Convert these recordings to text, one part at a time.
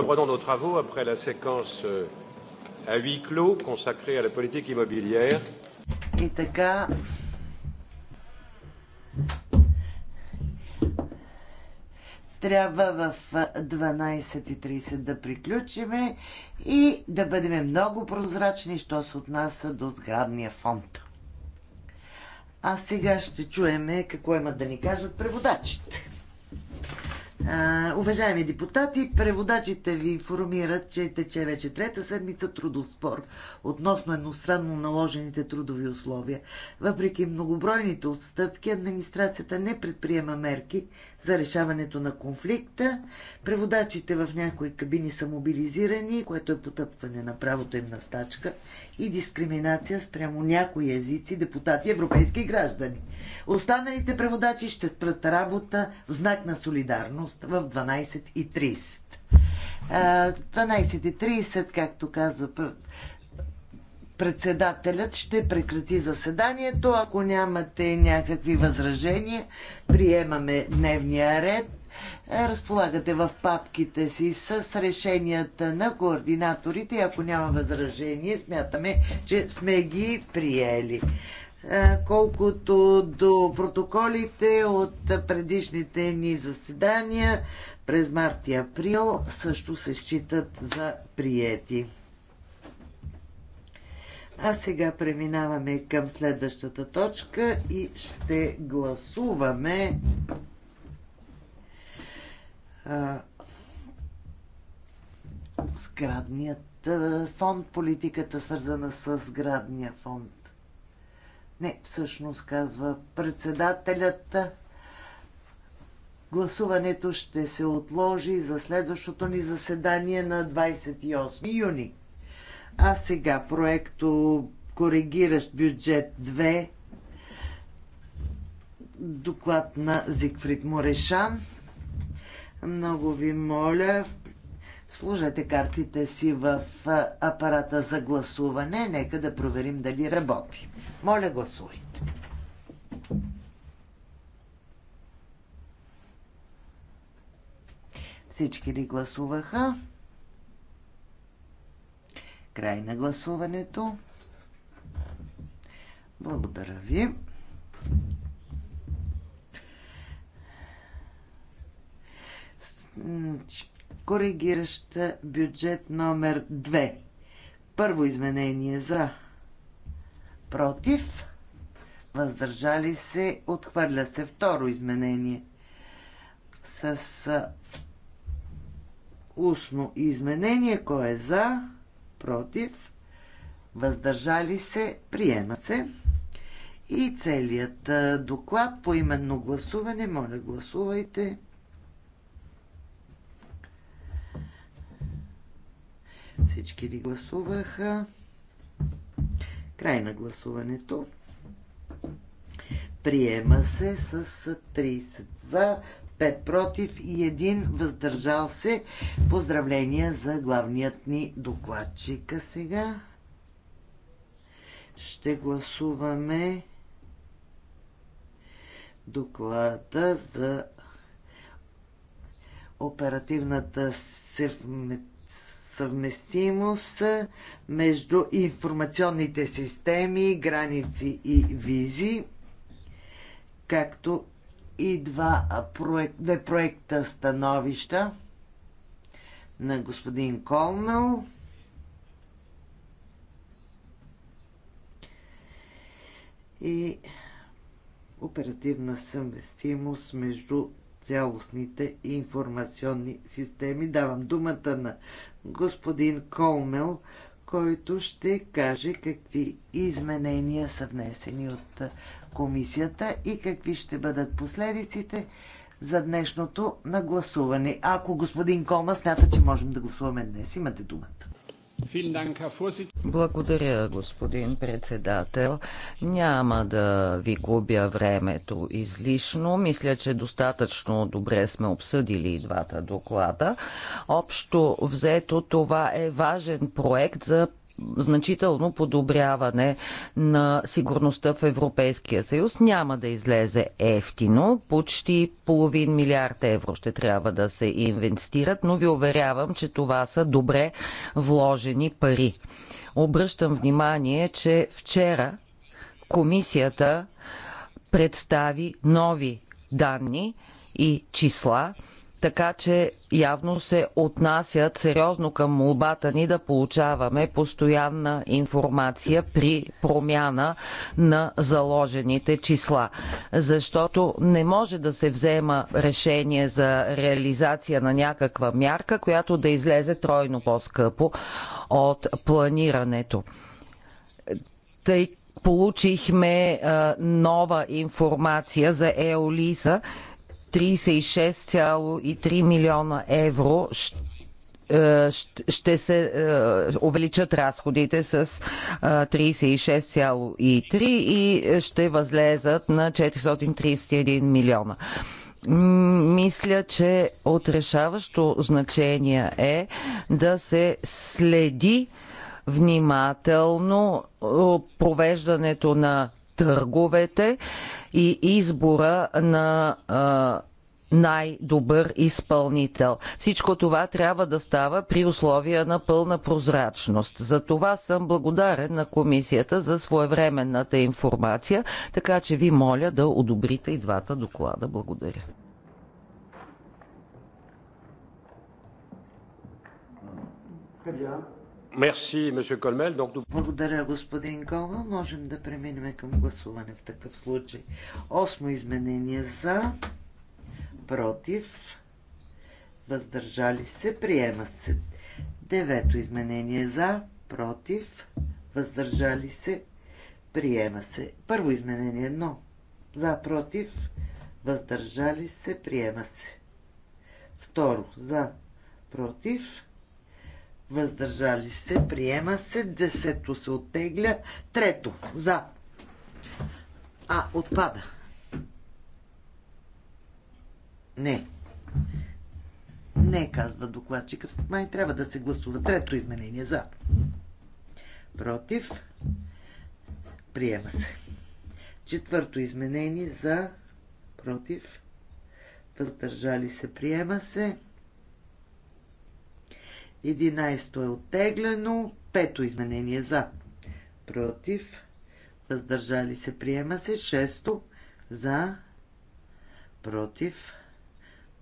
reprenons nos travaux après la séquence euh, à huis clos consacrée à la politique immobilière. И така, трябва в 12.30 да приключиме и да бъдем много прозрачни, що се отнася до сградния фонд. А сега ще чуеме какво имат да ни кажат преводачите. Уважаеми депутати, преводачите ви информират, че тече вече трета седмица трудов спор относно едностранно наложените трудови условия. Въпреки многобройните отстъпки, администрацията не предприема мерки за решаването на конфликта. Преводачите в някои кабини са мобилизирани, което е потъпване на правото им на стачка и дискриминация спрямо някои езици, депутати, европейски граждани. Останалите преводачи ще спрат работа в знак на солидарност в 12.30. 12.30, както казва председателят ще прекрати заседанието. Ако нямате някакви възражения, приемаме дневния ред. Е, разполагате в папките си с решенията на координаторите. Ако няма възражение, смятаме, че сме ги приели. Е, колкото до протоколите от предишните ни заседания през март и април също се считат за приети. А сега преминаваме към следващата точка и ще гласуваме а, сградният а, фонд, политиката свързана с сградния фонд. Не, всъщност казва председателят. Гласуването ще се отложи за следващото ни заседание на 28 юни. А сега проекто коригиращ бюджет 2 доклад на Зигфрид Морешан. Много ви моля, сложете картите си в апарата за гласуване. Нека да проверим дали работи. Моля, гласувайте. Всички ли гласуваха? Край на гласуването. Благодаря ви. Коригираща бюджет номер 2. Първо изменение за против. Въздържали се. Отхвърля се второ изменение с устно изменение. Кой е за? против, въздържали се, приема се. И целият доклад по именно гласуване, моля гласувайте. Всички ли гласуваха? Край на гласуването. Приема се с 30 за, 5 против и 1 въздържал се. Поздравления за главният ни докладчик. А сега ще гласуваме доклада за оперативната съвместимост между информационните системи, граници и визи, както и два проект, две проекта становища на господин Колнал. И оперативна съвместимост между цялостните информационни системи. Давам думата на господин Колмел, който ще каже какви изменения са внесени от комисията и какви ще бъдат последиците за днешното нагласуване. Ако господин Кома смята, че можем да гласуваме днес, имате думата. Благодаря, господин председател. Няма да ви губя времето излишно. Мисля, че достатъчно добре сме обсъдили и двата доклада. Общо взето това е важен проект за значително подобряване на сигурността в Европейския съюз няма да излезе ефтино. Почти половин милиард евро ще трябва да се инвестират, но ви уверявам, че това са добре вложени пари. Обръщам внимание, че вчера комисията представи нови данни и числа – така че явно се отнасят сериозно към молбата ни да получаваме постоянна информация при промяна на заложените числа. Защото не може да се взема решение за реализация на някаква мярка, която да излезе тройно по-скъпо от планирането. Тъй получихме а, нова информация за Еолиса, 36,3 милиона евро е, ще се е, увеличат разходите с 36,3 е, и ще възлезат на 431 милиона мисля, че отрешаващо значение е да се следи внимателно провеждането на търговете и избора на най-добър изпълнител. Всичко това трябва да става при условия на пълна прозрачност. За това съм благодарен на комисията за своевременната информация, така че ви моля да одобрите и двата доклада. Благодаря. Благодаря. Благодаря, господин Кома. Можем да преминем към гласуване в такъв случай. Осмо изменение за, против, въздържали се, приема се. Девето изменение за, против, въздържали се, приема се. Първо изменение едно. За, против, въздържали се, приема се. Второ, за, против, въздържали се, приема се, десето се оттегля, трето за. А, отпада. Не. Не, казва докладчика. Май трябва да се гласува трето изменение за. Против. Приема се. Четвърто изменение за. Против. Въздържали се. Приема се. 11 е оттеглено. Пето изменение за. Против. Въздържали се. Приема се. Шесто. За. Против.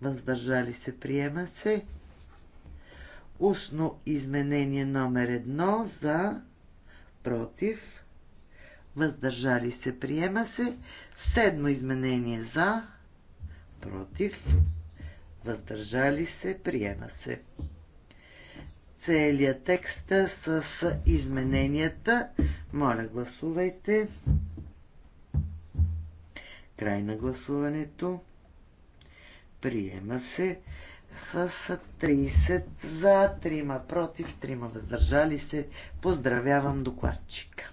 Въздържали се. Приема се. Устно изменение номер едно. За. Против. Въздържали се. Приема се. Седмо изменение за. Против. Въздържали се. Приема се целият текст с измененията. Моля, гласувайте. Край на гласуването. Приема се с 30 за, 3 против, 3 въздържали се. Поздравявам докладчика.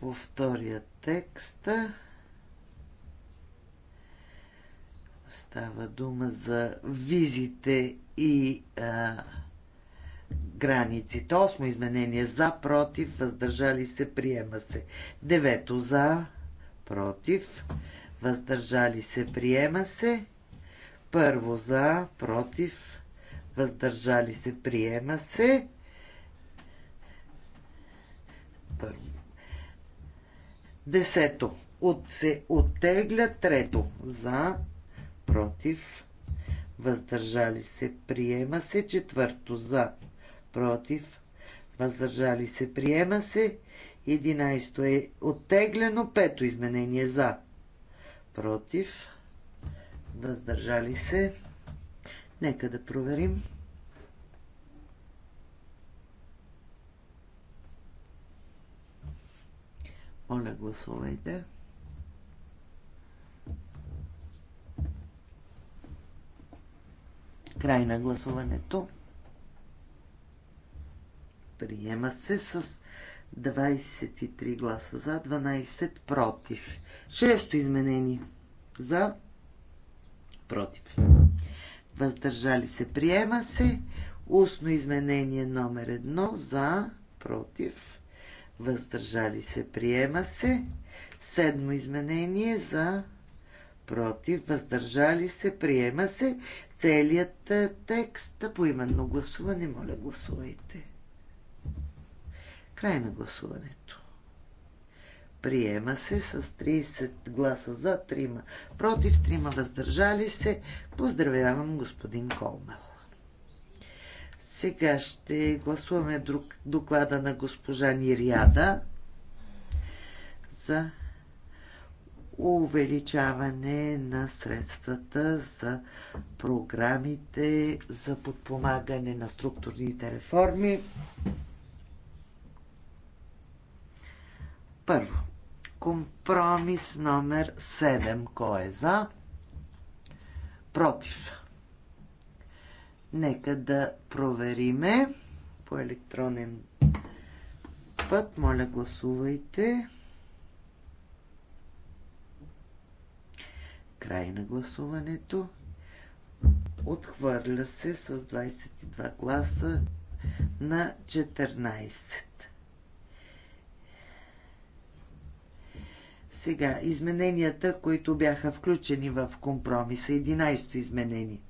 По втория текст Става дума за визите и а, границите. Осмо изменение за, против, въздържали се, приема се. Девето за, против, въздържали се, приема се. Първо за, против, въздържали се, приема се. Първо. Десето. От се оттегля трето. За, против, въздържали се, приема се. Четвърто за, против, въздържали се, приема се. Единайсто е оттеглено, пето изменение за, против, въздържали се. Нека да проверим. Моля, гласувайте. Край на гласуването. Приема се с 23 гласа за, 12 против. Шесто изменение. За, против. Въздържали се. Приема се. Устно изменение номер 1 за, против. Въздържали се. Приема се. Седмо изменение за, против, въздържали се, приема се целият е, текст по именно гласуване. Моля, гласувайте. Край на гласуването. Приема се с 30 гласа за, 3 против, 3 въздържали се. Поздравявам господин Колмел. Сега ще гласуваме друг, доклада на госпожа Ниряда за увеличаване на средствата за програмите за подпомагане на структурните реформи. Първо, компромис номер 7. Кой е за? Против. Нека да провериме по електронен път. Моля, гласувайте. Край на гласуването. Отхвърля се с 22 гласа на 14. Сега, измененията, които бяха включени в компромиса, 11-то изменение,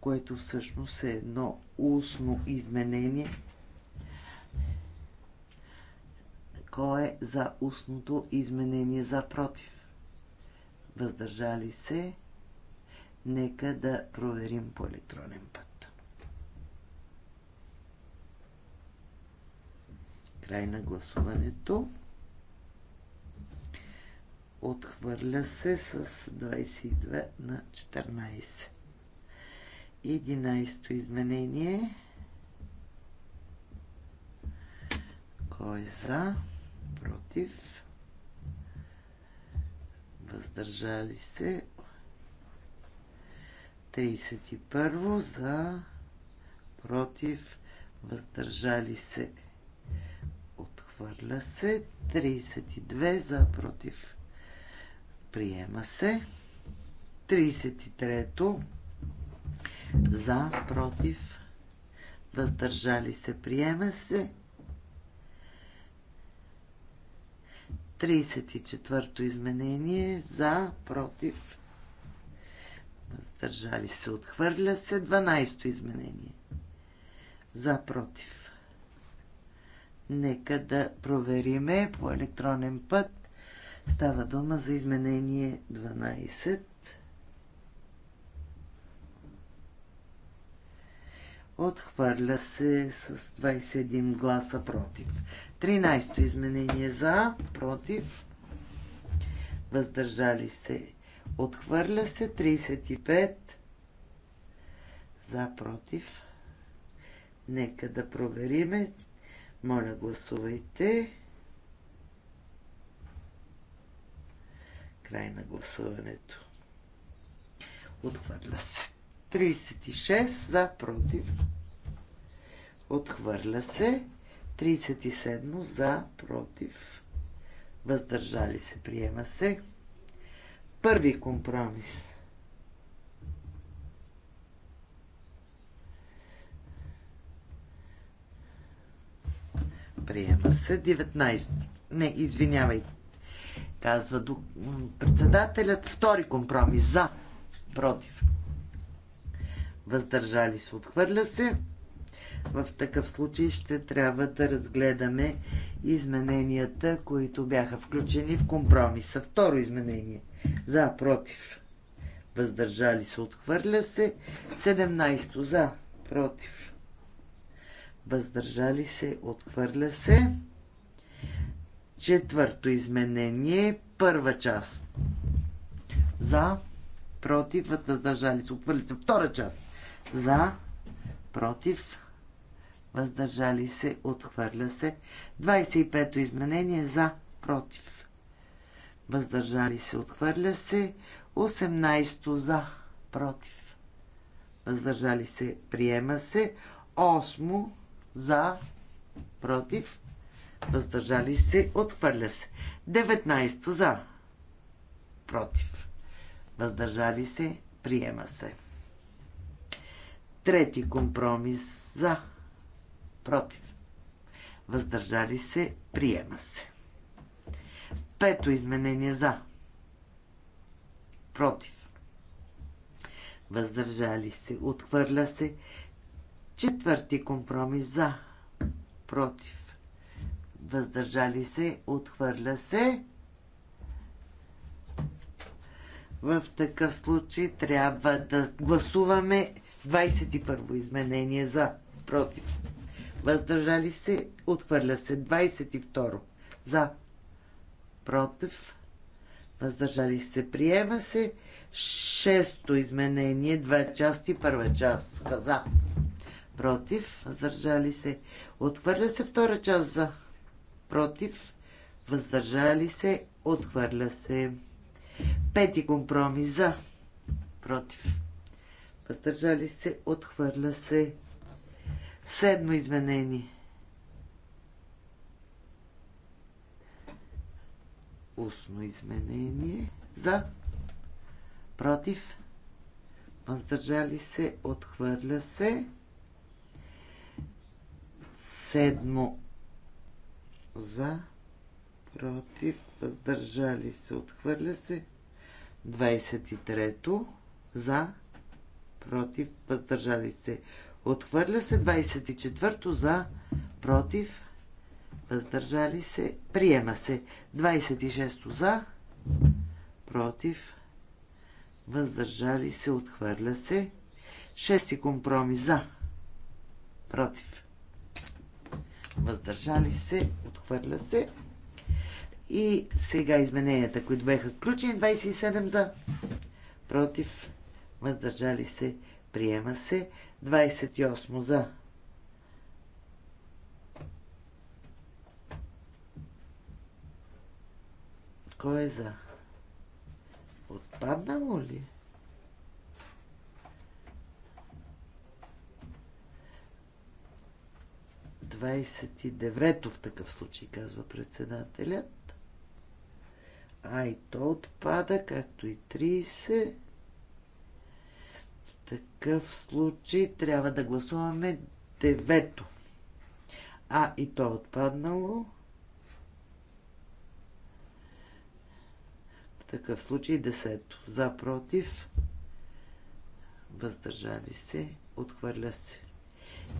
което всъщност е едно устно изменение. Кой е за устното изменение за против? въздържали се, нека да проверим по електронен път. Край на гласуването. Отхвърля се с 22 на 14. 11 изменение. Кой е за? Против? въздържали се. 31 за, против, въздържали се. Отхвърля се. 32 за, против. Приема се. 33 за, против, въздържали се. Приема се. 34-то изменение за, против, въздържали се, отхвърля се. 12-то изменение за, против. Нека да провериме по електронен път. Става дума за изменение 12. Отхвърля се с 21 гласа против. 13-то изменение за, против, въздържали се. Отхвърля се 35 за, против. Нека да провериме. Моля, гласувайте. Край на гласуването. Отхвърля се. 36 за против. Отхвърля се. 37 за против. Въздържали се. Приема се. Първи компромис. Приема се. 19. Не, извинявай. Казва председателят. Втори компромис. За. Против въздържали се, отхвърля се. В такъв случай ще трябва да разгледаме измененията, които бяха включени в компромиса. Второ изменение. За, против. Въздържали се, отхвърля се. 17 за, против. Въздържали се, отхвърля се. Четвърто изменение, първа част. За, против, въздържали се, отхвърля се. Втора част за, против, въздържали се, отхвърля се. 25-то изменение за, против, въздържали се, отхвърля се. 18-то за, против, въздържали се, приема се. 8 за, против, въздържали се, отхвърля се. 19 за, против, въздържали се, приема се. Трети компромис за. Против. Въздържали се. Приема се. Пето изменение за. Против. Въздържали се. Отхвърля се. Четвърти компромис за. Против. Въздържали се. Отхвърля се. В такъв случай трябва да гласуваме 21 изменение за, против, въздържали се, отхвърля се. 22 за, против, въздържали се, приема се. 6 изменение, два части, първа част за, против, въздържали се, отхвърля се, втора част за, против, въздържали се, отхвърля се. Пети компромис за, против, въздържали се, отхвърля се. Седмо изменение. Устно изменение. За. Против. Въздържали се, отхвърля се. Седмо. За. Против. Въздържали се, отхвърля се. 23-то. За против, въздържали се. Отхвърля се 24-то за, против, въздържали се, приема се. 26-то за, против, въздържали се, отхвърля се. 6-ти компромис за, против, въздържали се, отхвърля се. И сега измененията, които бяха включени, 27 за, против, въздържали се, приема се. 28 за, Кой е за? Отпаднало ли? Двадесет и девето в такъв случай, казва председателят. А и то отпада, както и 30 такъв случай трябва да гласуваме девето. А и то е отпаднало. В такъв случай десето. За, против, въздържали се, отхвърля се.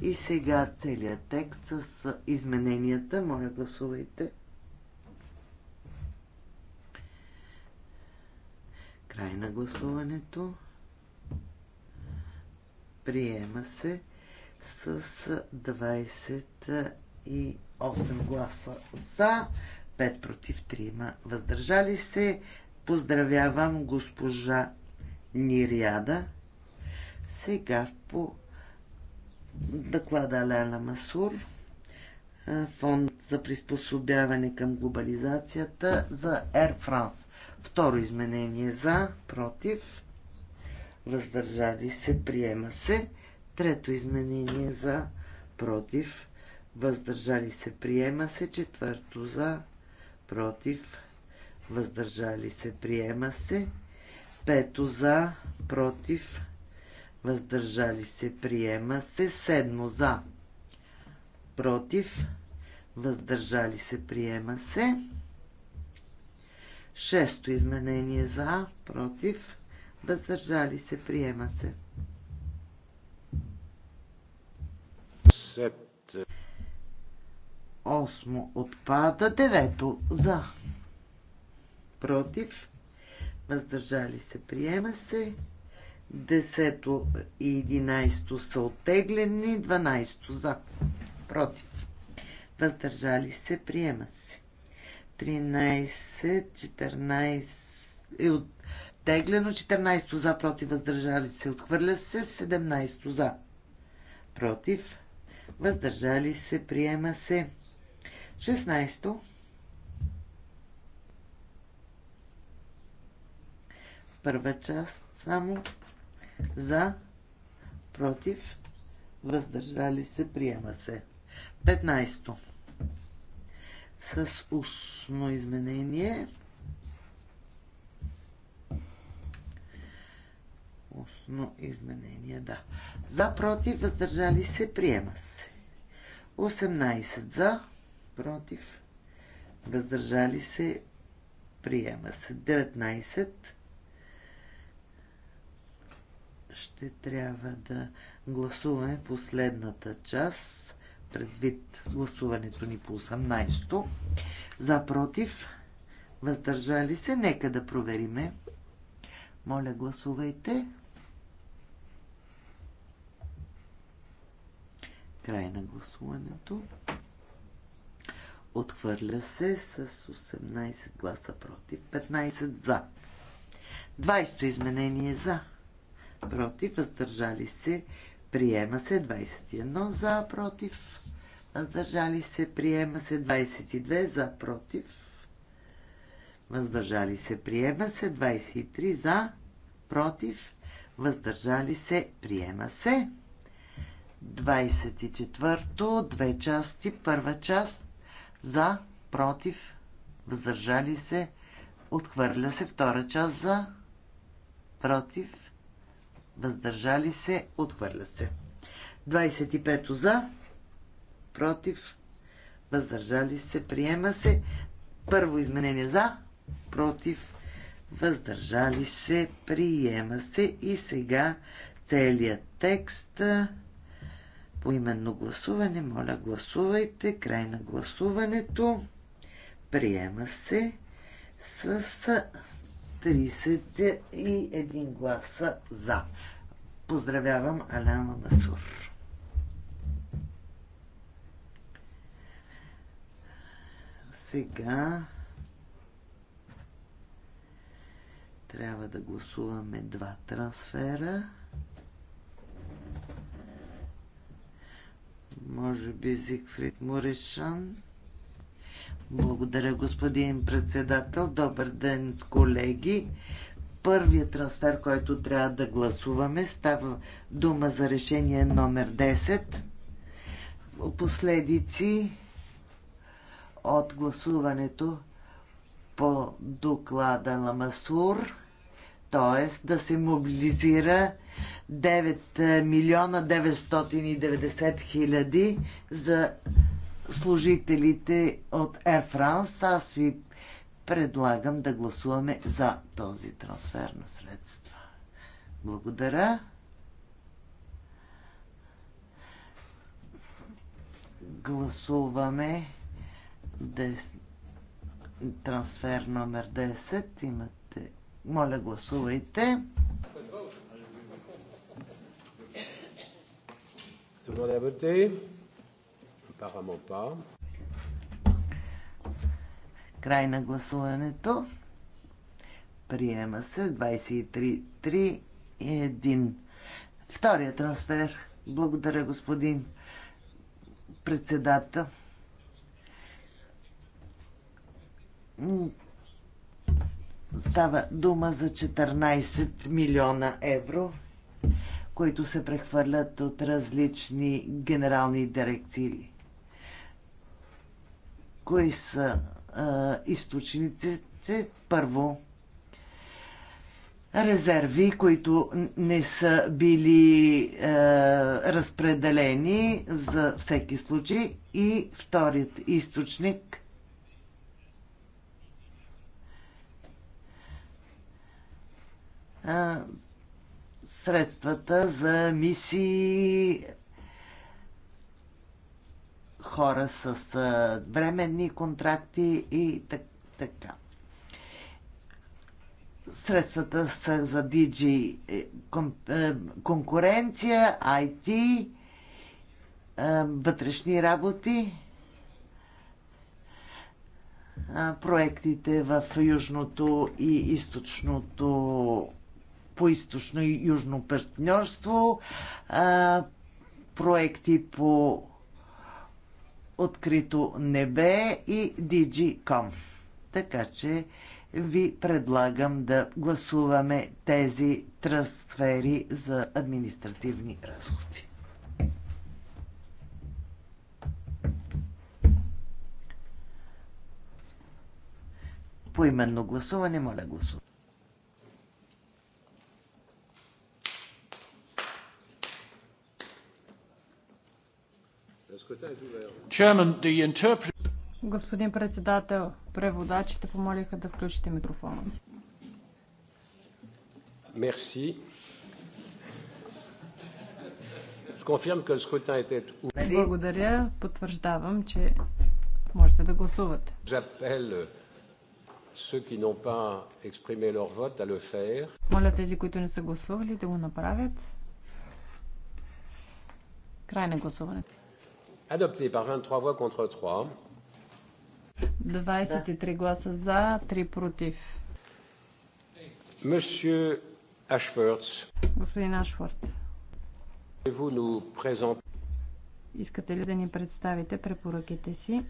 И сега целият текст с измененията. Моля, гласувайте. Край на гласуването. Приема се с 28 гласа за, 5 против 3 въздържали се. Поздравявам госпожа Нириада. Сега по доклада Аляна Масур, фонд за приспособяване към глобализацията за Air France. Второ изменение за, против, въздържали се, приема се. Трето изменение за, против, въздържали се, приема се. Четвърто за, против, въздържали се, приема се. Пето за, против, въздържали се, приема се. Седмо за, против, въздържали се, приема се. Шесто изменение за, против, въздържали се, приема се. Осмо отпада, девето за, против, въздържали се, приема се. Десето и единайсто са оттеглени, дванайсто за, против, въздържали се, приема се. 13, 14 и от Теглено 14 за, против, въздържали се, отхвърля се. 17 за, против, въздържали се, приема се. 16 първа част само за, против, въздържали се, приема се. 15. С устно изменение Устно изменение, да. За, против, въздържали се, приема се. 18 за, против, въздържали се, приема се. 19 ще трябва да гласуваме последната част, предвид гласуването ни по 18-то. За, против, въздържали се, нека да провериме. Моля, Гласувайте. Край на гласуването. Отхвърля се с 18 гласа против, 15 за. 20 изменение за. Против, въздържали се, приема се 21 за, против, въздържали се, приема се 22 за, против, въздържали се, приема се 23 за, против, въздържали се, приема се. 24-то, две части. Първа част за, против, въздържали се, отхвърля се. Втора част за, против, въздържали се, отхвърля се. 25-то за, против, въздържали се, приема се. Първо изменение за, против, въздържали се, приема се. И сега целият текст по именно гласуване, моля гласувайте. Край на гласуването. Приема се с 31 гласа за. Поздравявам Аляна Масур. Сега трябва да гласуваме два трансфера. Може би Зигфрид Морешан. Благодаря, господин председател. Добър ден, колеги. Първият трансфер, който трябва да гласуваме, става дума за решение номер 10. Последици от гласуването по доклада на Масур т.е. да се мобилизира 9 е, милиона 990 хиляди за служителите от Air France. Аз ви предлагам да гласуваме за този трансфер на средства. Благодаря. Гласуваме трансфер номер 10. Имате моля, гласувайте. Край на гласуването. Приема се 23 и 1. Втория трансфер. Благодаря, господин председател. Става дума за 14 милиона евро, които се прехвърлят от различни генерални дирекции. Кои са а, източниците? Първо, резерви, които не са били е, разпределени за всеки случай. И вторият източник средствата за мисии хора с а, временни контракти и так, така. Средствата са за DG е, кон, е, конкуренция, IT, е, вътрешни работи, проектите в Южното и Източното по източно и южно партньорство, проекти по Открито небе и DigiCom. Така че ви предлагам да гласуваме тези трансфери за административни разходи. По именно гласуване, моля гласувайте. Господин председател, преводачите помолиха да включите микрофона. Мерси. Благодаря. Потвърждавам, че можете да гласувате. Моля тези, които не са гласували, да го направят. Край на гласуването. Adopté par 23 voix contre 3. 23 гласа за, 3 против. Monsieur Ashworth. Господин Ашфорд. Искате ли да ни представите препоръките си е,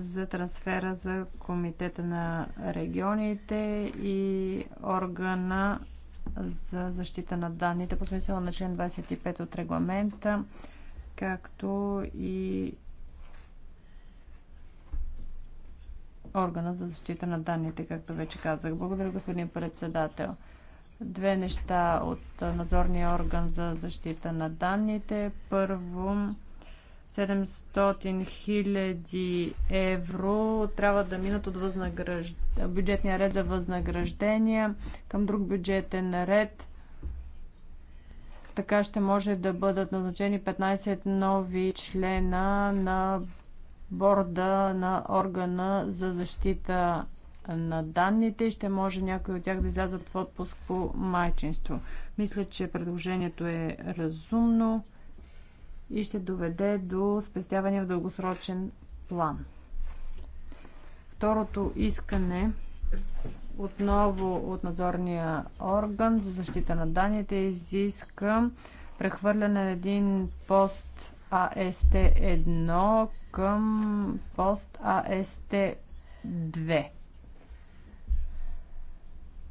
за трансфера за Комитета на регионите и органа за защита на данните по смисъл на член 25 от регламента както и органа за защита на данните, както вече казах. Благодаря, господин председател. Две неща от надзорния орган за защита на данните. Първо, 700 000 евро трябва да минат от възнагражд... бюджетния ред за възнаграждения към друг бюджетен ред така ще може да бъдат назначени 15 нови члена на борда на органа за защита на данните и ще може някои от тях да излязат в отпуск по майчинство. Мисля, че предложението е разумно и ще доведе до спестяване в дългосрочен план. Второто искане отново от надзорния орган за защита на данните изиска прехвърляне на един пост АСТ1 към пост АСТ2.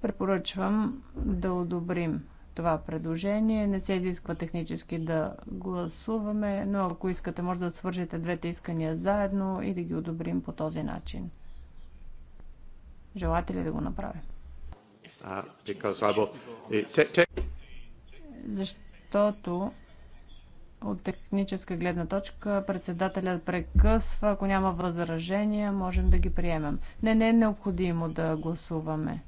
Препоръчвам да одобрим това предложение. Не се изисква технически да гласуваме, но ако искате, може да свържете двете искания заедно и да ги одобрим по този начин. Желаете ли да го направя? Е, Защото от техническа гледна точка председателят прекъсва. Ако няма възражения, можем да ги приемем. Не, не е необходимо да гласуваме,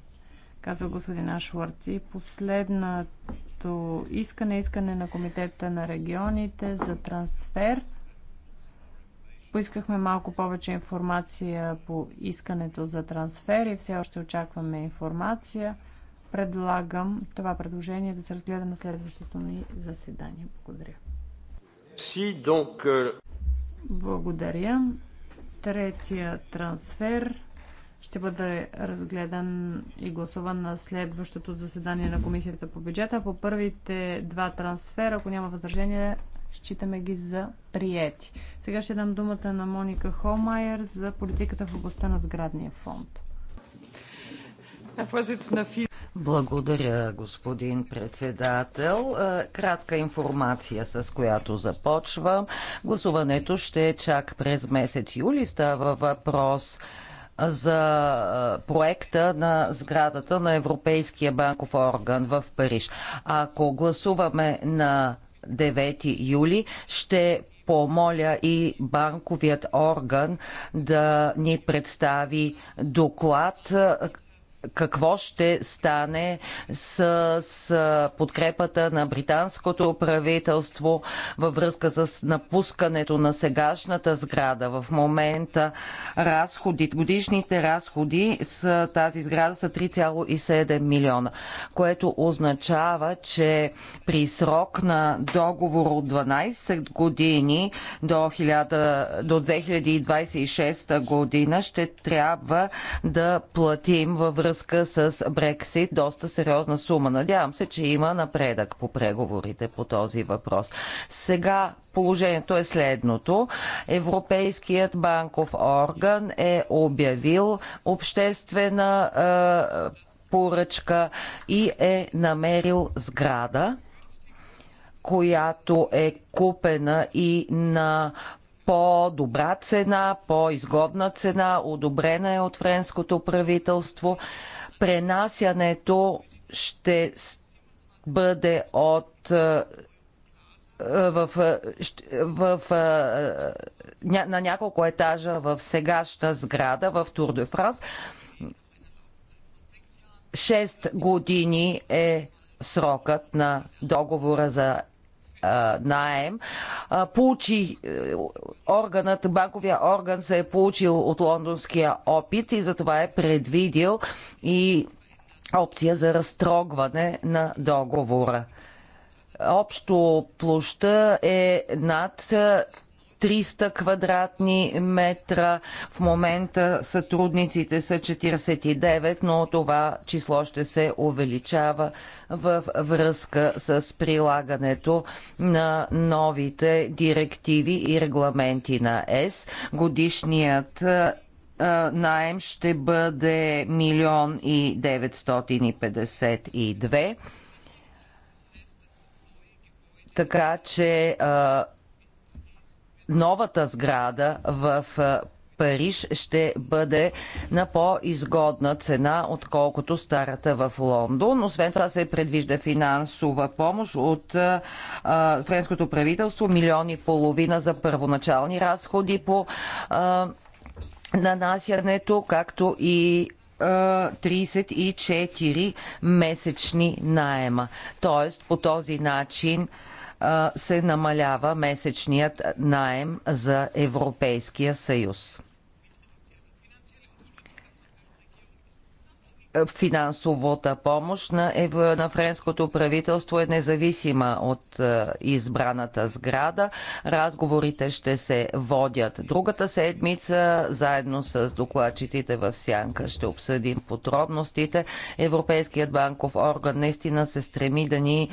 казва господин Ашвард. И последното искане, искане на Комитета на регионите за трансфер – Поискахме малко повече информация по искането за трансфери. Все още очакваме информация. Предлагам това предложение да се разгледа на следващото ни заседание. Благодаря. Си, donc... Euh, Благодаря. Третия трансфер ще бъде разгледан и гласуван на следващото заседание на Комисията по бюджета. По първите два трансфера, ако няма възражение, Считаме ги за приети. Сега ще дам думата на Моника Холмайер за политиката в областта на сградния фонд. Благодаря, господин председател. Е, кратка информация, с която започвам. Гласуването ще е чак през месец юли. Става въпрос за е, проекта на сградата на Европейския банков орган в Париж. Ако гласуваме на 9 юли ще помоля и банковият орган да ни представи доклад какво ще стане с, с подкрепата на британското правителство във връзка с напускането на сегашната сграда. В момента разходи, годишните разходи с тази сграда са 3,7 милиона, което означава, че при срок на договор от 12 години до, 1000, до 2026 година ще трябва да платим във връзка връзка с Брексит доста сериозна сума. Надявам се, че има напредък по преговорите по този въпрос. Сега положението е следното. Европейският банков орган е обявил обществена е, поръчка и е намерил сграда, която е купена и на по-добра цена, по-изгодна цена, одобрена е от френското правителство. Пренасянето ще бъде от е, е, в, е, в, в, на няколко етажа в сегашна сграда в Тур де Франс. 6 години е срокът на договора за наем, получи е, органът, банковия орган се е получил от лондонския опит и затова е предвидил и опция за разтрогване на договора. Общо площа е над 300 квадратни метра. В момента сътрудниците са 49, но това число ще се увеличава в връзка с прилагането на новите директиви и регламенти на ЕС. Годишният наем ще бъде 1 952 така че а, новата сграда в Париж ще бъде на по-изгодна цена, отколкото старата в Лондон. Освен това се предвижда финансова помощ от а, френското правителство, милиони и половина за първоначални разходи по а, нанасянето, както и 34 месечни найема. Тоест по този начин се намалява месечният наем за Европейския съюз. финансовата помощ на, ев... на френското правителство е независима от е, избраната сграда. Разговорите ще се водят другата седмица. Заедно с докладчиците в Сянка ще обсъдим подробностите. Европейският банков орган наистина се стреми да ни е,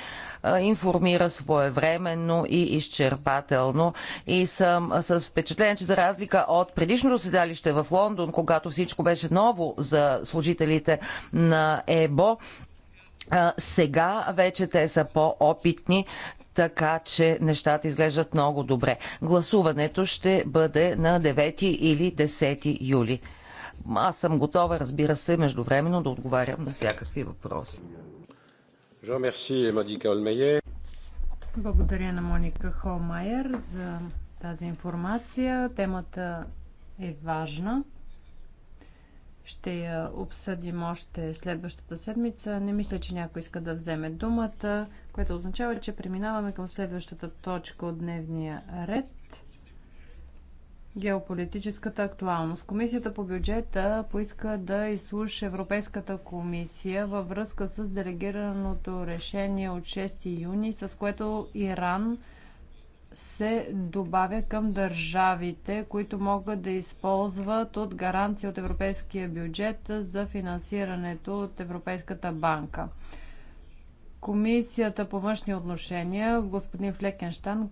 информира своевременно и изчерпателно. И съм е, с впечатление, че за разлика от предишното седалище в Лондон, когато всичко беше ново за служителите на ЕБО. Сега вече те са по-опитни, така че нещата изглеждат много добре. Гласуването ще бъде на 9 или 10 юли. Аз съм готова, разбира се, междувременно да отговарям на всякакви въпроси. Благодаря на Моника Холмайер за тази информация. Темата е важна. Ще я обсъдим още следващата седмица. Не мисля, че някой иска да вземе думата, което означава, че преминаваме към следващата точка от дневния ред. Геополитическата актуалност. Комисията по бюджета поиска да изслуша Европейската комисия във връзка с делегираното решение от 6 юни, с което Иран – се добавя към държавите, които могат да използват от гаранция от европейския бюджет за финансирането от Европейската банка. Комисията по външни отношения, господин Флекенштайн,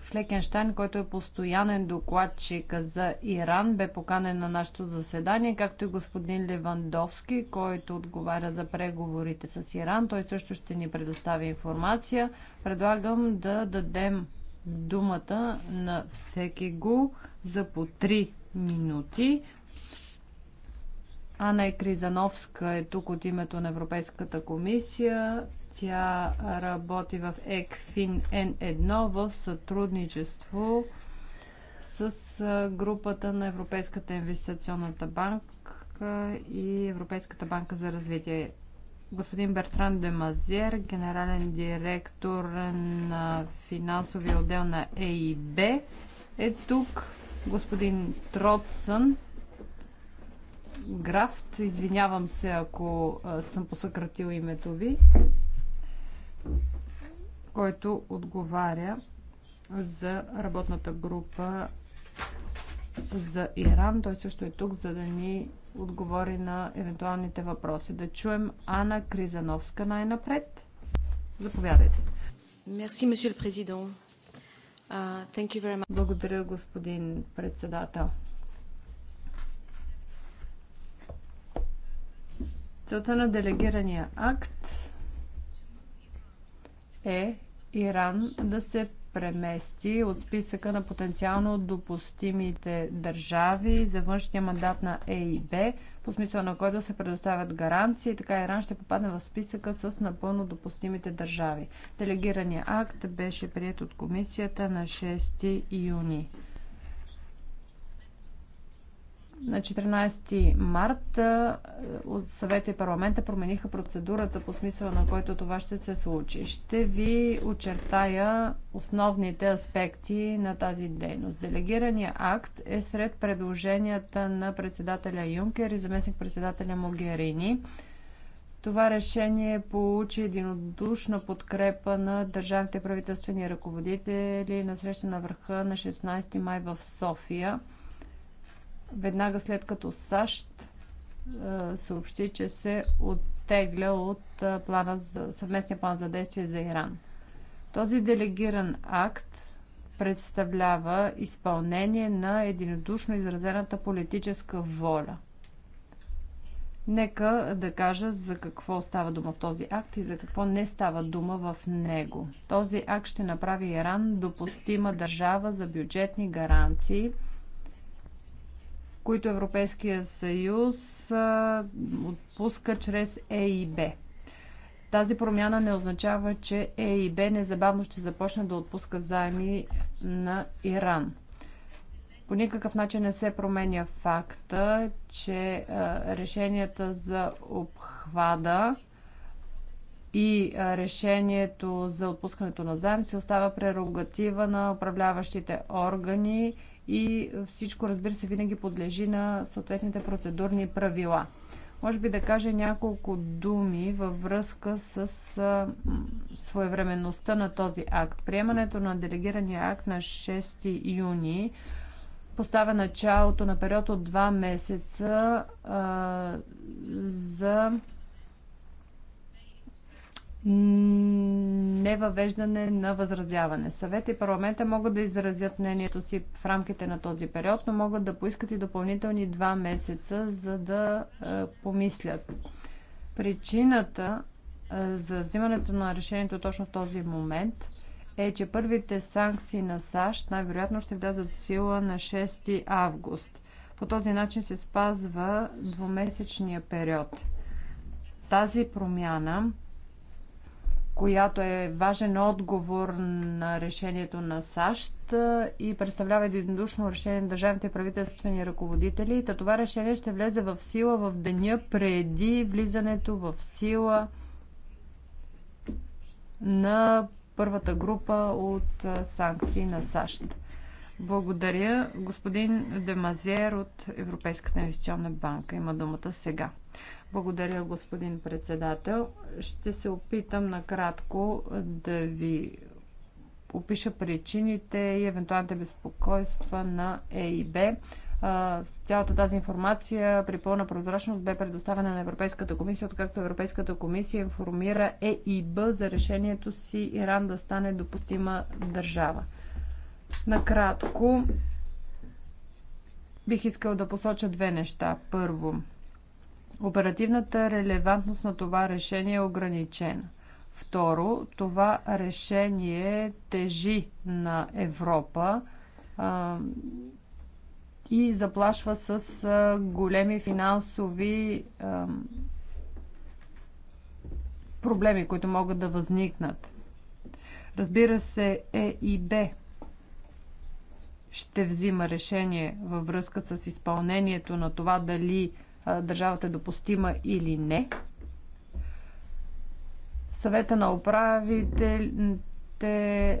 Флекенштайн, който е постоянен докладчик за Иран, бе поканен на нашето заседание, както и господин Левандовски, който отговаря за преговорите с Иран. Той също ще ни предостави информация. Предлагам да дадем думата на всеки го за по 3 минути. Ана Кризановска е тук от името на Европейската комисия. Тя работи в ЕКФИН Н1 в сътрудничество с групата на Европейската инвестиционната банка и Европейската банка за развитие господин Бертран Демазер, генерален директор на финансовия отдел на ЕИБ е тук. Господин Тротсън, Графт, извинявам се, ако съм посъкратил името ви, който отговаря за работната група за Иран. Той също е тук, за да ни отговори на евентуалните въпроси. Да чуем Ана Кризановска най-напред. Заповядайте. Мерси, месье президент. Благодаря, господин председател. Целта на делегирания акт е Иран да се премести от списъка на потенциално допустимите държави за външния мандат на ЕИБ, по смисъл на който се предоставят гаранции, така Иран ще попадне в списъка с напълно допустимите държави. Делегирания акт беше прият от комисията на 6 юни. На 14 март от съвета и парламента промениха процедурата по смисъла на който това ще се случи. Ще ви очертая основните аспекти на тази дейност. Делегирания акт е сред предложенията на председателя Юнкер и заместник председателя Могерини. Това решение получи единодушна подкрепа на държавните правителствени ръководители на среща на върха на 16 май в София – веднага след като САЩ съобщи, че се оттегля от плана за, съвместния план за действие за Иран. Този делегиран акт представлява изпълнение на единодушно изразената политическа воля. Нека да кажа за какво става дума в този акт и за какво не става дума в него. Този акт ще направи Иран допустима държава за бюджетни гаранции – които Европейския съюз отпуска чрез ЕИБ. Тази промяна не означава, че ЕИБ незабавно ще започне да отпуска заеми на Иран. По никакъв начин не се променя факта, че решенията за обхвада и решението за отпускането на заем се остава прерогатива на управляващите органи и всичко, разбира се, винаги подлежи на съответните процедурни правила. Може би да кажа няколко думи във връзка с своевременността на този акт. Приемането на делегирания акт на 6 юни поставя началото на период от 2 месеца а, за невъвеждане на възразяване. Съвет и парламента могат да изразят мнението си в рамките на този период, но могат да поискат и допълнителни два месеца, за да е, помислят. Причината е, за взимането на решението точно в този момент е, че първите санкции на САЩ най-вероятно ще влязат в сила на 6 август. По този начин се спазва двумесечния период. Тази промяна която е важен отговор на решението на САЩ и представлява единодушно решение на държавните правителствени ръководители. Та това решение ще влезе в сила в деня преди влизането в сила на първата група от санкции на САЩ. Благодаря. Господин Демазер от Европейската инвестиционна банка има думата сега. Благодаря, господин председател. Ще се опитам накратко да ви опиша причините и евентуалните безпокойства на ЕИБ. Цялата тази информация при пълна прозрачност бе предоставена на Европейската комисия, откакто Европейската комисия информира ЕИБ за решението си Иран да стане допустима държава. Накратко, бих искал да посоча две неща. Първо, Оперативната релевантност на това решение е ограничена. Второ, това решение тежи на Европа а, и заплашва с а, големи финансови а, проблеми, които могат да възникнат. Разбира се, Е и Б ще взима решение във връзка с изпълнението на това дали държавата е допустима или не. Съвета на управителите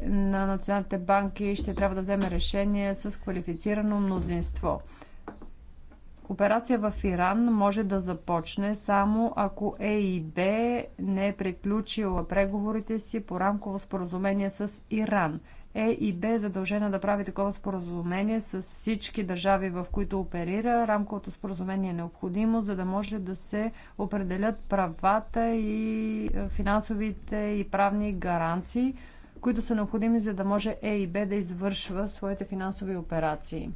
на националните банки ще трябва да вземе решение с квалифицирано мнозинство. Операция в Иран може да започне само ако ЕИБ не е приключила преговорите си по рамково споразумение с Иран. Е и Б е задължена да прави такова споразумение с всички държави, в които оперира. Рамковото споразумение е необходимо, за да може да се определят правата и е, финансовите и правни гаранции, които са необходими, за да може Е и Б да извършва своите финансови операции.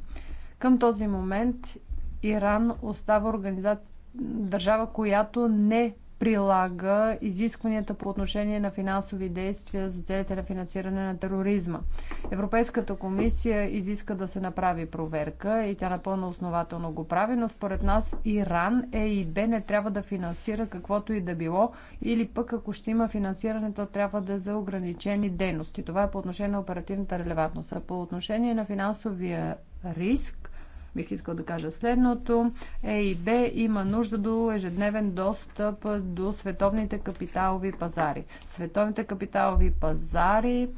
Към този момент Иран остава организа... държава, която не прилага изискванията по отношение на финансови действия за целите на финансиране на тероризма. Европейската комисия изиска да се направи проверка и тя напълно основателно го прави, но според нас Иран Е и Б не трябва да финансира каквото и да било или пък ако ще има финансиране, то трябва да е за ограничени дейности. Това е по отношение на оперативната релевантност. А по отношение на финансовия риск, Бих искал да кажа следното. Е и Б има нужда до ежедневен достъп до световните капиталови пазари. Световните капиталови пазари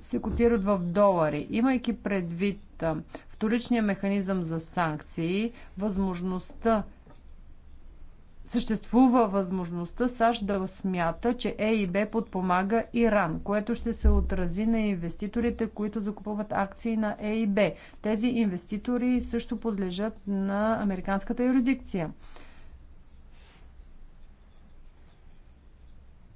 се котират в долари. Имайки предвид вторичния механизъм за санкции, възможността Съществува възможността САЩ да смята, че ЕИБ подпомага Иран, което ще се отрази на инвеститорите, които закупуват акции на ЕИБ. Тези инвеститори също подлежат на американската юрисдикция.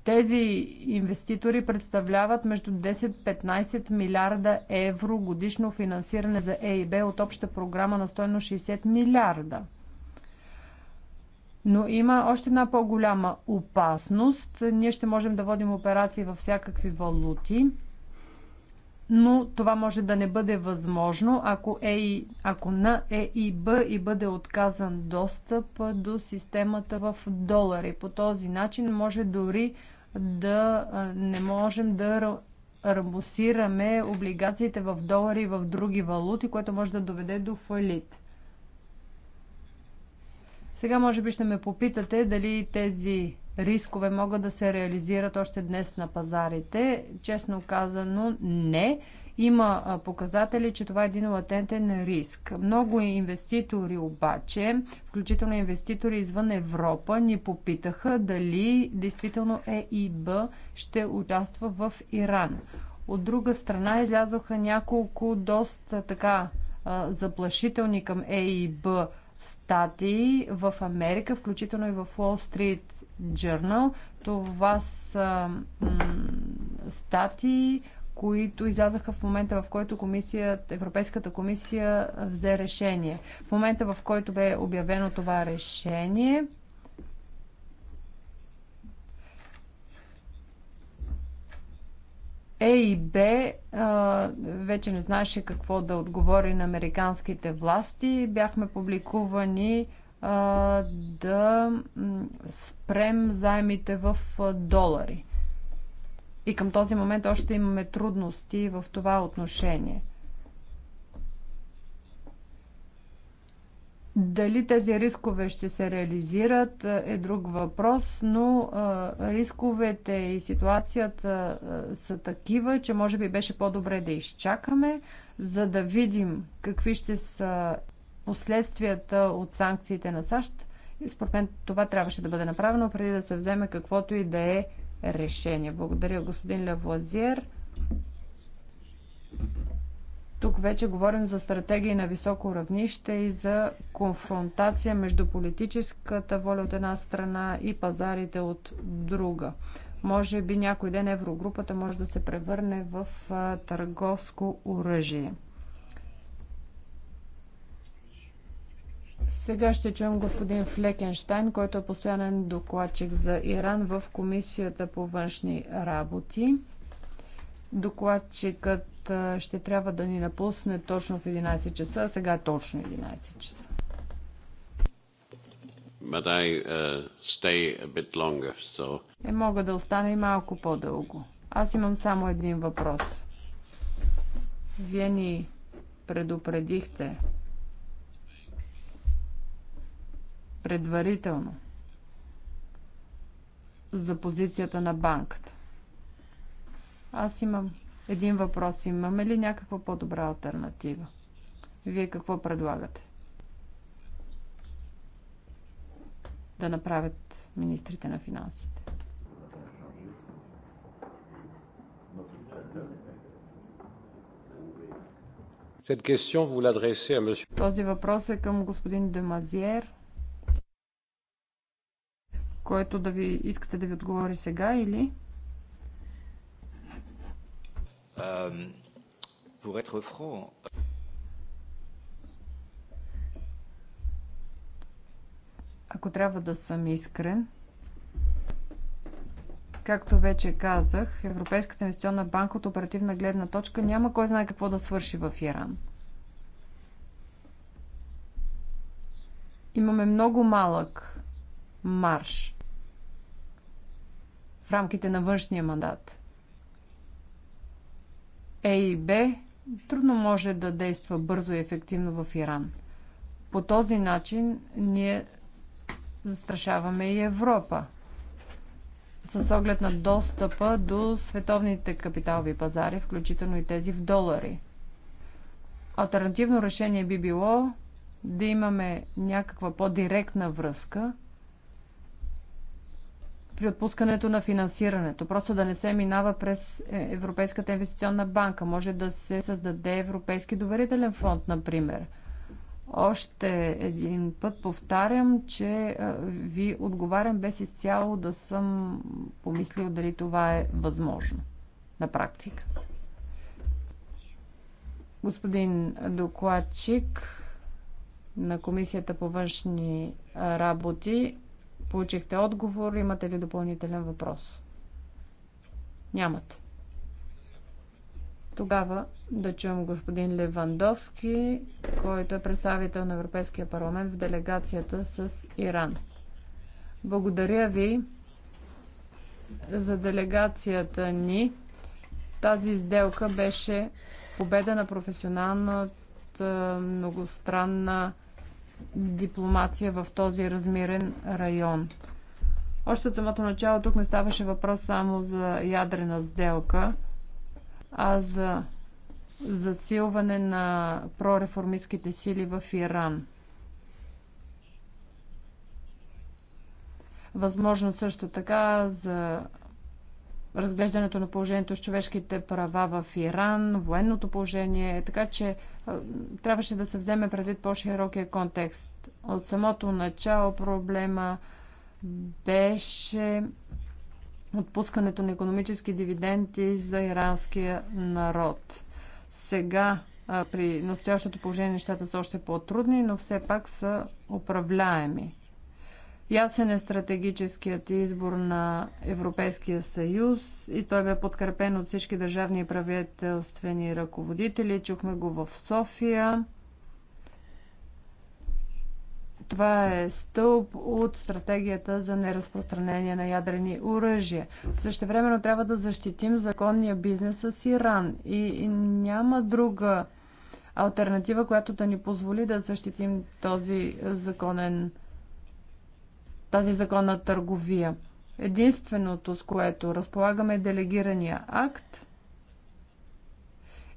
Тези инвеститори представляват между 10-15 милиарда евро годишно финансиране за ЕИБ от обща програма на стойност 60 милиарда. Но има още една по-голяма опасност. Ние ще можем да водим операции във всякакви валути, но това може да не бъде възможно, ако, ЕИ, ако на ЕИБ и бъде отказан достъп до системата в долари. По този начин може дори да не можем да рамбусираме облигациите в долари и в други валути, което може да доведе до фалит. Сега може би ще ме попитате дали тези рискове могат да се реализират още днес на пазарите. Честно казано, не. Има показатели, че това е един латентен риск. Много инвеститори обаче, включително инвеститори извън Европа, ни попитаха дали действително ЕИБ ще участва в Иран. От друга страна излязоха няколко доста така заплашителни към ЕИБ статии в Америка, включително и в Wall Street Journal. Това са статии, които излязаха в момента, в който комисията, Европейската комисия взе решение. В момента, в който бе обявено това решение, Е и Б вече не знаеше какво да отговори на американските власти. Бяхме публикувани да спрем заемите в долари. И към този момент още имаме трудности в това отношение – Дали тези рискове ще се реализират е, е друг въпрос, но рисковете и ситуацията са такива, че може би беше по-добре да изчакаме, за да видим какви ще са последствията от санкциите на САЩ. И според мен това трябваше да бъде направено преди да се вземе каквото и да е решение. Благодаря господин Лавуазиер. Тук вече говорим за стратегии на високо равнище и за конфронтация между политическата воля от една страна и пазарите от друга. Може би някой ден еврогрупата може да се превърне в търговско оръжие. Сега ще чуем господин Флекенштайн, който е постоянен докладчик за Иран в Комисията по външни работи. Докладчикът ще трябва да ни напусне точно в 11 часа, а сега е точно 11 часа. But I, uh, stay a bit longer, so... Е, мога да остана и малко по-дълго. Аз имам само един въпрос. Вие ни предупредихте предварително за позицията на банката. Аз имам един въпрос. Имаме ли някаква по-добра альтернатива? Вие какво предлагате? Да направят министрите на финансите. Този въпрос е към господин Демазиер, който да ви искате да ви отговори сега или? Euh, pour être franc, ако трябва да съм искрен, както вече казах, Европейската инвестиционна банка от оперативна гледна точка няма кой знае какво да свърши в Иран. Имаме много малък марш в рамките на външния мандат – е и Б трудно може да действа бързо и ефективно в Иран. По този начин ние застрашаваме и Европа с оглед на достъпа до световните капиталови пазари, включително и тези в долари. Альтернативно решение би било да имаме някаква по-директна връзка – при отпускането на финансирането. Просто да не се минава през е, Европейската инвестиционна банка. Може да се създаде Европейски доверителен фонд, например. Още един път повтарям, че е, ви отговарям без изцяло да съм помислил дали това е възможно на практика. Господин докладчик на Комисията по външни работи, Получихте отговор. Имате ли допълнителен въпрос? Нямате. Тогава да чуем господин Левандовски, който е представител на Европейския парламент в делегацията с Иран. Благодаря ви за делегацията ни. Тази сделка беше победа на професионалната многостранна дипломация в този размирен район. Още от самото начало тук не ставаше въпрос само за ядрена сделка, а за засилване на прореформистските сили в Иран. Възможно също така за разглеждането на положението с човешките права в Иран, военното положение, така че трябваше да се вземе предвид по-широкия контекст. От самото начало проблема беше отпускането на економически дивиденти за иранския народ. Сега при настоящото положение нещата са още по-трудни, но все пак са управляеми. Ясен е стратегическият избор на Европейския съюз и той бе подкрепен от всички държавни и правителствени ръководители. Чухме го в София. Това е стълб от стратегията за неразпространение на ядрени оръжия. Същевременно трябва да защитим законния бизнес с Иран и, и няма друга альтернатива, която да ни позволи да защитим този законен бизнес тази законна търговия. Единственото, с което разполагаме е делегирания акт.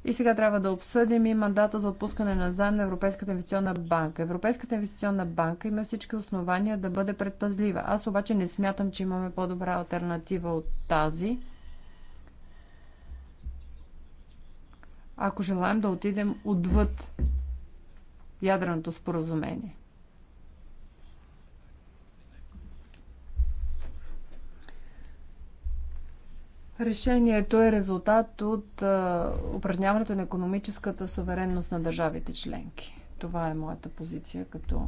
И сега трябва да обсъдим и мандата за отпускане на заем на Европейската инвестиционна банка. Европейската инвестиционна банка има всички основания да бъде предпазлива. Аз обаче не смятам, че имаме по-добра альтернатива от тази. Ако желаем да отидем отвъд ядреното споразумение. Решението е резултат от а, упражняването на економическата суверенност на държавите членки. Това е моята позиция като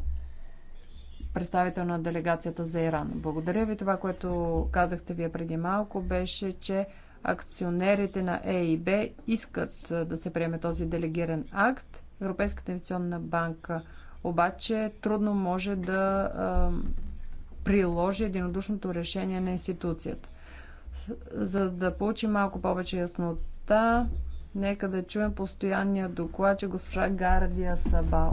представител на делегацията за Иран. Благодаря ви. Това, което казахте вие преди малко, беше, че акционерите на ЕИБ искат да се приеме този делегиран акт. Европейската инвестиционна банка обаче трудно може да а, приложи единодушното решение на институцията. За да получим малко повече яснота, нека да чуем постоянния доклад, че госпожа Гардия Сабал.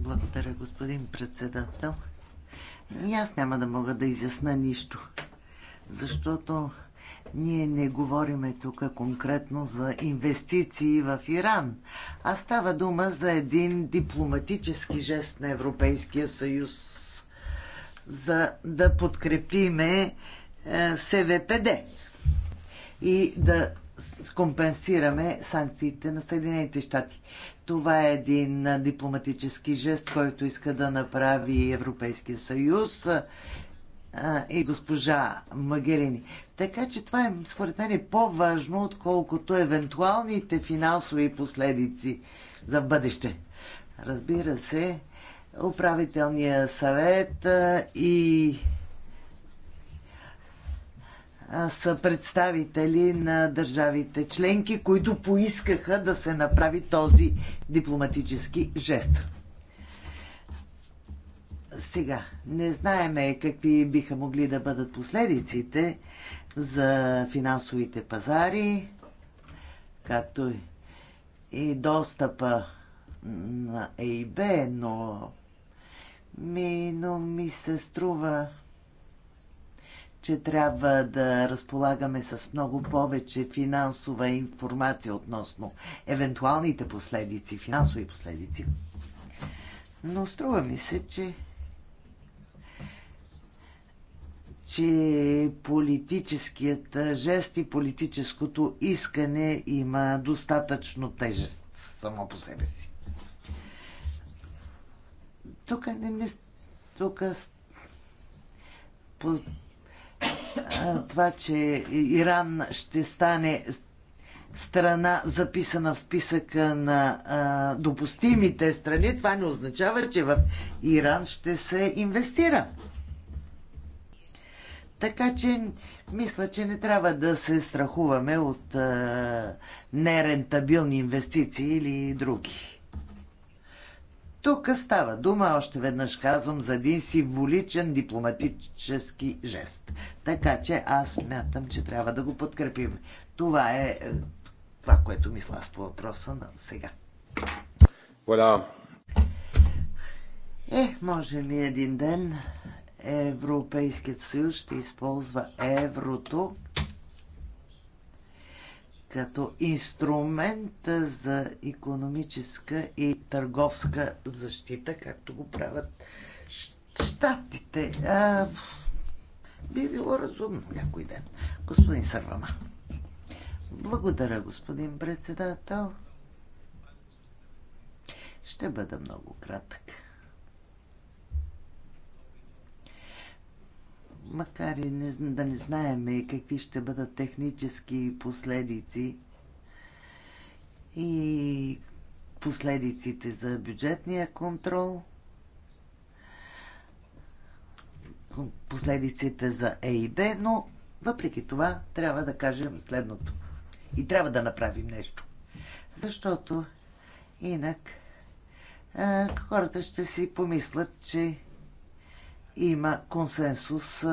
Благодаря, господин председател. И аз няма да мога да изясна нищо, защото ние не говориме тук конкретно за инвестиции в Иран, а става дума за един дипломатически жест на Европейския съюз за да подкрепиме е, СВПД и да компенсираме санкциите на Съединените щати. Това е един дипломатически жест, който иска да направи Европейския съюз и госпожа Магерини. Така че това е, според мен, е по-важно, отколкото евентуалните финансови последици за бъдеще. Разбира се, управителния съвет и са представители на държавите членки, които поискаха да се направи този дипломатически жест. Сега, не знаеме какви биха могли да бъдат последиците за финансовите пазари, както и достъпа на ЕИБ, но ми, но ми се струва, че трябва да разполагаме с много повече финансова информация относно евентуалните последици, финансови последици. Но струва ми се, че че политическият жест и политическото искане има достатъчно тежест само по себе си тук не, не тук по, а, това, че Иран ще стане страна, записана в списъка на а, допустимите страни, това не означава, че в Иран ще се инвестира. Така че мисля, че не трябва да се страхуваме от а, нерентабилни инвестиции или други. Тук става дума, още веднъж казвам, за един символичен дипломатически жест. Така че аз мятам, че трябва да го подкрепим. Това е, е това, което мисля аз по въпроса на сега. Voilà. Е, може ми един ден Европейският съюз ще използва еврото като инструмент за економическа и търговска защита, както го правят щатите. А, би било разумно някой ден. Господин Сървама. Благодаря, господин председател. Ще бъда много кратък. макар и не, да не и какви ще бъдат технически последици и последиците за бюджетния контрол, последиците за ЕИБ, но въпреки това трябва да кажем следното. И трябва да направим нещо. Защото инак а, хората ще си помислят, че има консенсус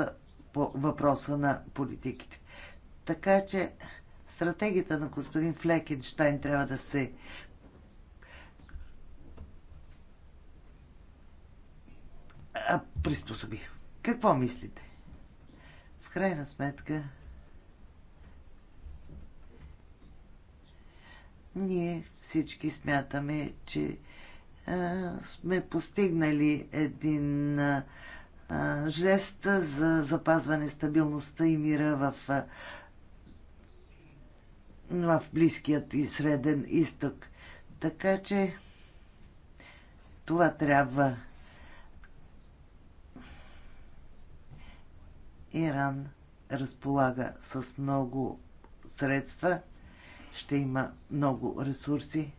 по въпроса на политиките. Така че стратегията на господин Флекенштайн трябва да се приспособи. Какво мислите? В крайна сметка ние всички смятаме, че а, сме постигнали един а, жест за запазване стабилността и мира в, в Близкият и Среден изток. Така че това трябва Иран разполага с много средства, ще има много ресурси,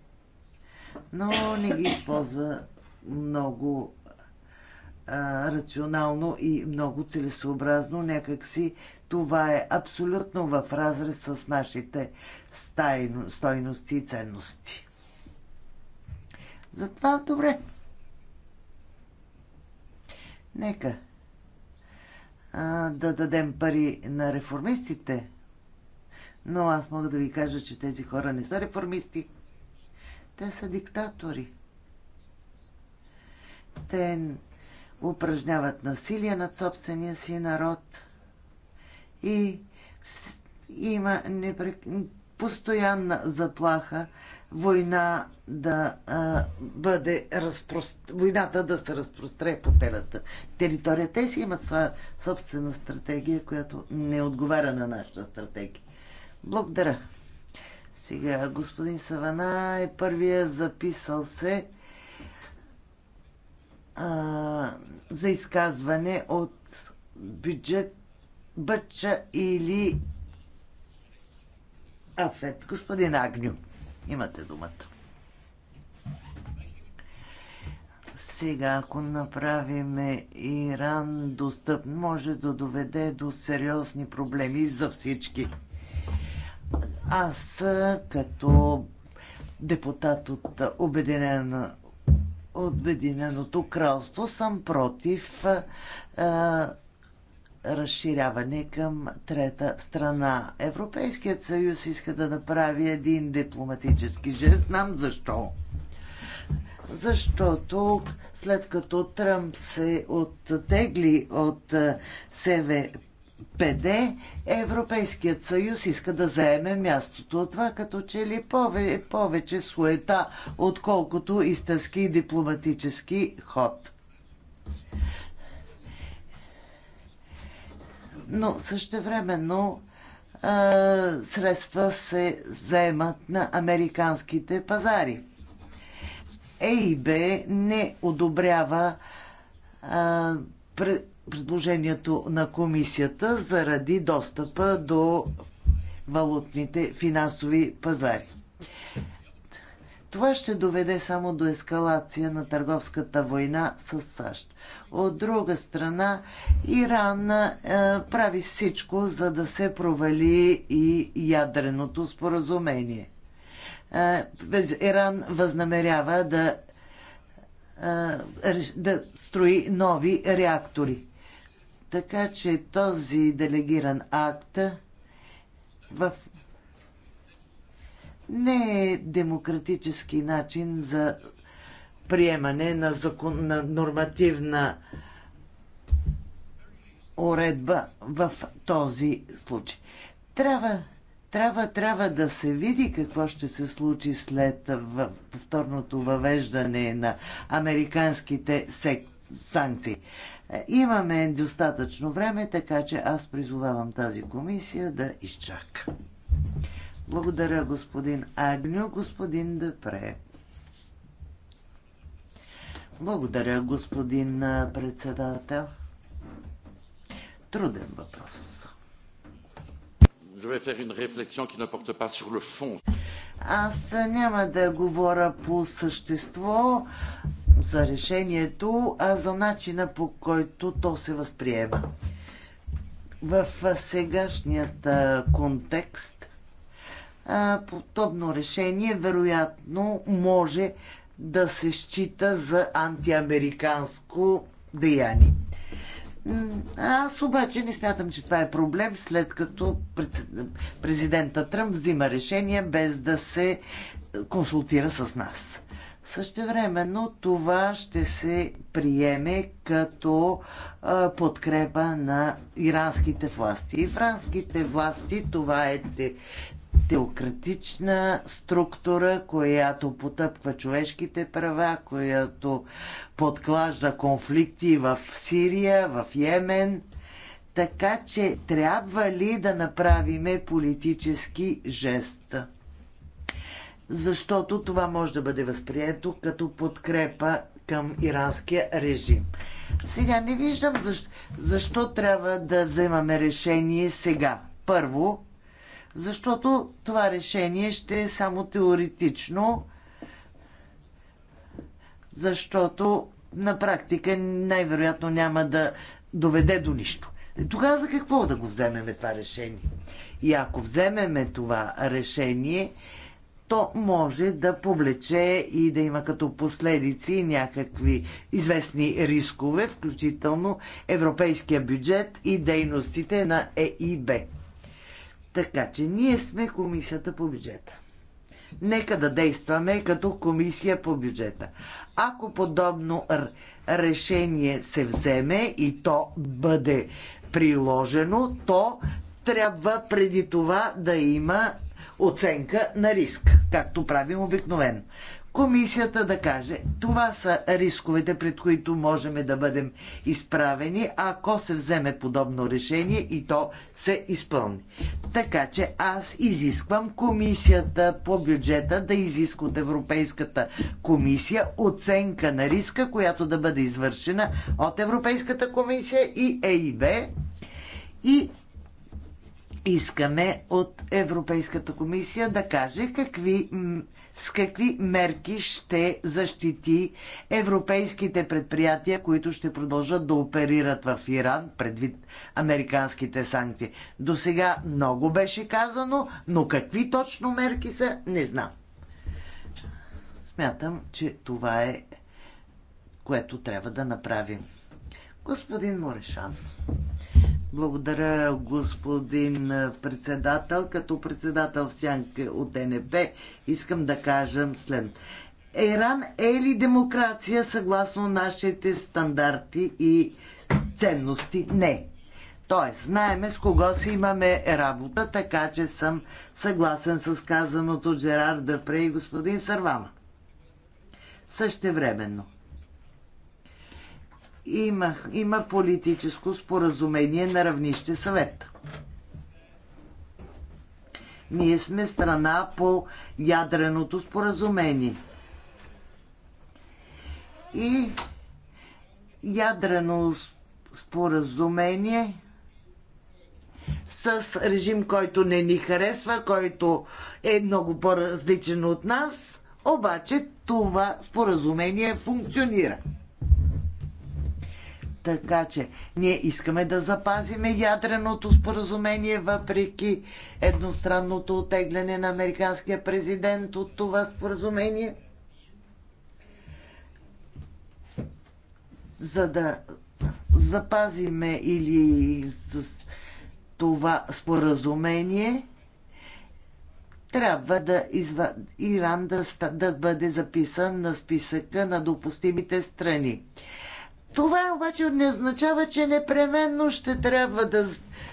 но не ги използва много рационално и много целесообразно. някак си това е абсолютно в разрез с нашите стайно, стойности и ценности. Затова добре. Нека а, да дадем пари на реформистите, но аз мога да ви кажа, че тези хора не са реформисти. Те са диктатори. Те упражняват насилие над собствения си народ и има непрек... постоянна заплаха война да а, бъде разпрост... войната да се разпростре по телата територия. Те си имат своя собствена стратегия, която не отговаря на нашата стратегия. Благодаря. Сега господин Савана е първия записал се за изказване от бюджет Бъча или Афет. Господин Агню, имате думата. Сега, ако направим Иран достъп, може да доведе до сериозни проблеми за всички. Аз като депутат от Обединена Обединеното кралство съм против а, разширяване към трета страна. Европейският съюз иска да направи един дипломатически жест. Знам защо. Защото след като Тръмп се оттегли от СВП, ПД, Европейският съюз иска да заеме мястото. от Това като че ли пове, повече суета, отколкото истински дипломатически ход. Но същевременно а, средства се заемат на американските пазари. ЕИБ не одобрява а, предложението на комисията заради достъпа до валутните финансови пазари. Това ще доведе само до ескалация на търговската война с САЩ. От друга страна, Иран е, прави всичко, за да се провали и ядреното споразумение. Е, Иран възнамерява да, е, да строи нови реактори. Така че този делегиран акт в не е демократически начин за приемане на, закон, на нормативна уредба в този случай. Трябва, трябва, трябва да се види какво ще се случи след повторното въвеждане на американските сек... санкции. Е, имаме достатъчно време, така че аз призовавам тази комисия да изчака. Благодаря, господин Агню, господин Депре. Благодаря, господин председател. Труден въпрос. Аз няма да говоря по същество, за решението, а за начина по който то се възприема. В сегашният контекст подобно решение вероятно може да се счита за антиамериканско деяние. Аз обаче не смятам, че това е проблем, след като президента Тръмп взима решение без да се консултира с нас. Същевременно това ще се приеме като а, подкрепа на иранските власти. Иранските власти това е те, теократична структура, която потъпква човешките права, която подклажда конфликти в Сирия, в Йемен. Така че трябва ли да направиме политически жест? защото това може да бъде възприето като подкрепа към иранския режим. Сега не виждам защо, защо трябва да вземаме решение сега. Първо, защото това решение ще е само теоретично, защото на практика най-вероятно няма да доведе до нищо. Е, тогава за какво да го вземеме това решение? И ако вземеме това решение, то може да повлече и да има като последици някакви известни рискове, включително европейския бюджет и дейностите на ЕИБ. Така че ние сме комисията по бюджета. Нека да действаме като комисия по бюджета. Ако подобно решение се вземе и то бъде приложено, то трябва преди това да има оценка на риск, както правим обикновено. Комисията да каже, това са рисковете, пред които можем да бъдем изправени, ако се вземе подобно решение и то се изпълни. Така че аз изисквам комисията по бюджета да изиска от Европейската комисия оценка на риска, която да бъде извършена от Европейската комисия и ЕИБ и искаме от Европейската комисия да каже какви, с какви мерки ще защити европейските предприятия, които ще продължат да оперират в Иран предвид американските санкции. До сега много беше казано, но какви точно мерки са, не знам. Смятам, че това е което трябва да направим. Господин Морешан. Благодаря, господин председател. Като председател в Сянка от ДНП искам да кажа след. Иран е ли демокрация съгласно нашите стандарти и ценности? Не. Тоест, знаеме с кого си имаме работа, така че съм съгласен с казаното Джерар Дъпре и господин Сарвама. Същевременно – има, има политическо споразумение на равнище съвет. Ние сме страна по ядреното споразумение. И ядрено споразумение с режим, който не ни харесва, който е много по-различен от нас, обаче това споразумение функционира. Така че ние искаме да запазиме ядреното споразумение, въпреки едностранното отегляне на американския президент от това споразумение, за да запазиме или с това споразумение трябва да изва... Иран да, да бъде записан на списъка на допустимите страни. Това обаче не означава, че непременно ще трябва да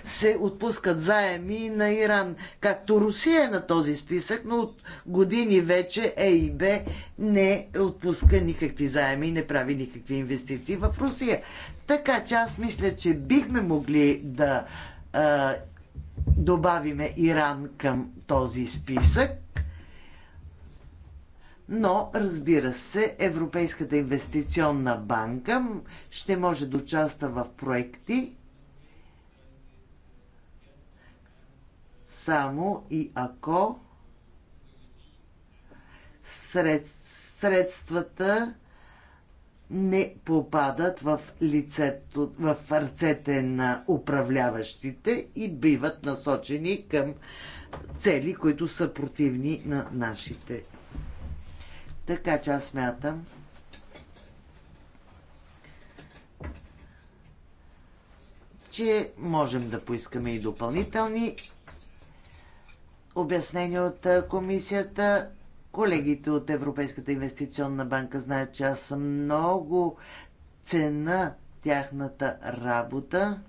се отпускат заеми на Иран, както Русия е на този списък, но от години вече Е и Б не отпуска никакви заеми и не прави никакви инвестиции в Русия. Така че аз мисля, че бихме могли да а, добавиме Иран към този списък но разбира се, Европейската инвестиционна банка ще може да участва в проекти само и ако средствата не попадат в, лицето, в ръцете на управляващите и биват насочени към цели, които са противни на нашите така че аз смятам, че можем да поискаме и допълнителни обяснения от комисията. Колегите от Европейската инвестиционна банка знаят, че аз съм много цена тяхната работа.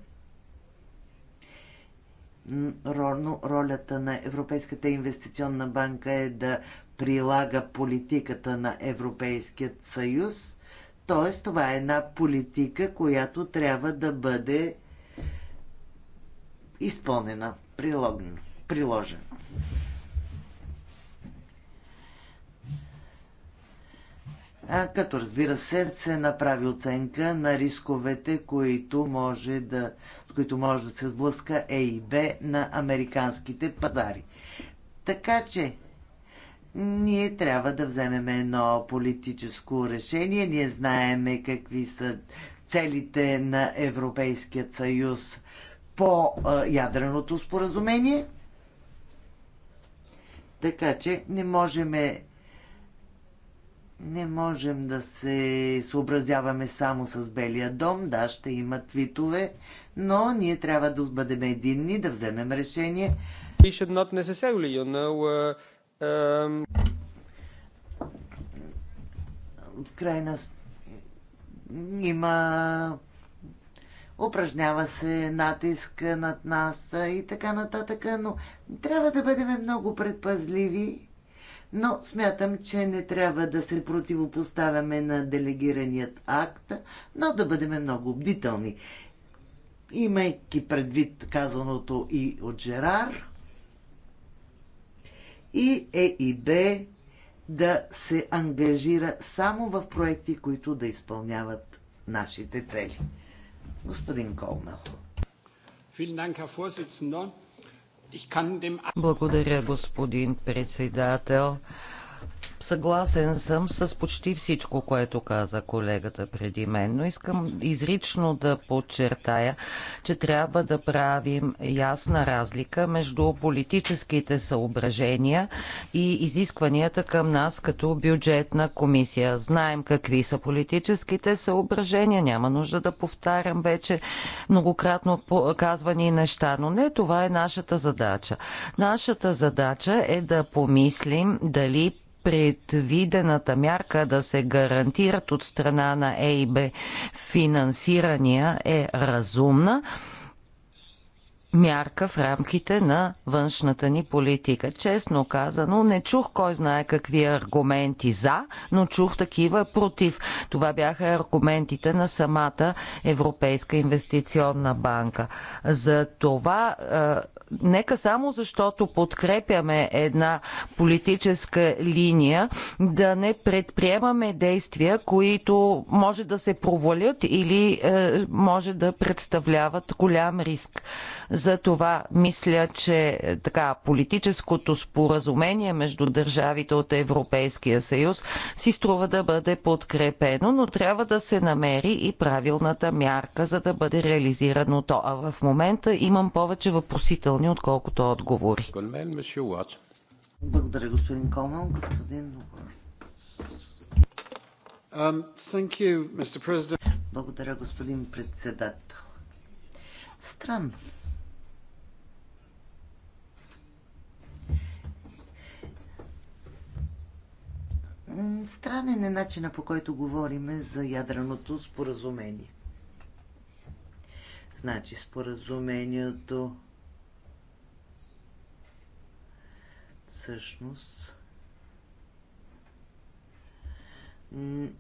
Ролята на Европейската инвестиционна банка е да прилага политиката на Европейският съюз. Т.е. това е една политика, която трябва да бъде изпълнена, приложена. А, като разбира се, се направи оценка на рисковете, които може да, с които може да се сблъска Е и Б на американските пазари. Така че, ние трябва да вземем едно политическо решение. Ние знаеме какви са целите на Европейският съюз по ядреното споразумение. Така че не можем не можем да се съобразяваме само с Белия дом. Да, ще има твитове, но ние трябва да бъдем единни, да вземем решение. We should not necessarily, you know, uh в крайна има упражнява се натиск над нас и така нататък, но трябва да бъдем много предпазливи, но смятам, че не трябва да се противопоставяме на делегираният акт, но да бъдем много бдителни. Имайки предвид казаното и от Жерар, и ЕИБ да се ангажира само в проекти, които да изпълняват нашите цели. Господин Колмел. Благодаря, господин председател. Съгласен съм с почти всичко, което каза колегата преди мен, но искам изрично да подчертая, че трябва да правим ясна разлика между политическите съображения и изискванията към нас като бюджетна комисия. Знаем какви са политическите съображения, няма нужда да повтарям вече многократно казвани неща, но не това е нашата задача. Нашата задача е да помислим дали предвидената мярка да се гарантират от страна на ЕИБ финансирания е разумна мярка в рамките на външната ни политика. Честно казано, не чух кой знае какви аргументи за, но чух такива против. Това бяха аргументите на самата Европейска инвестиционна банка. За това, е, нека само защото подкрепяме една политическа линия, да не предприемаме действия, които може да се провалят или е, може да представляват голям риск за това мисля, че е, така, политическото споразумение между държавите от Европейския съюз си струва да бъде подкрепено, но трябва да се намери и правилната мярка, за да бъде реализирано то. А в момента имам повече въпросителни, отколкото отговори. Благодаря, господин Комал. Господин um, you, Благодаря, господин председател. Странно. Странен е начина по който говориме за ядреното споразумение. Значи споразумението всъщност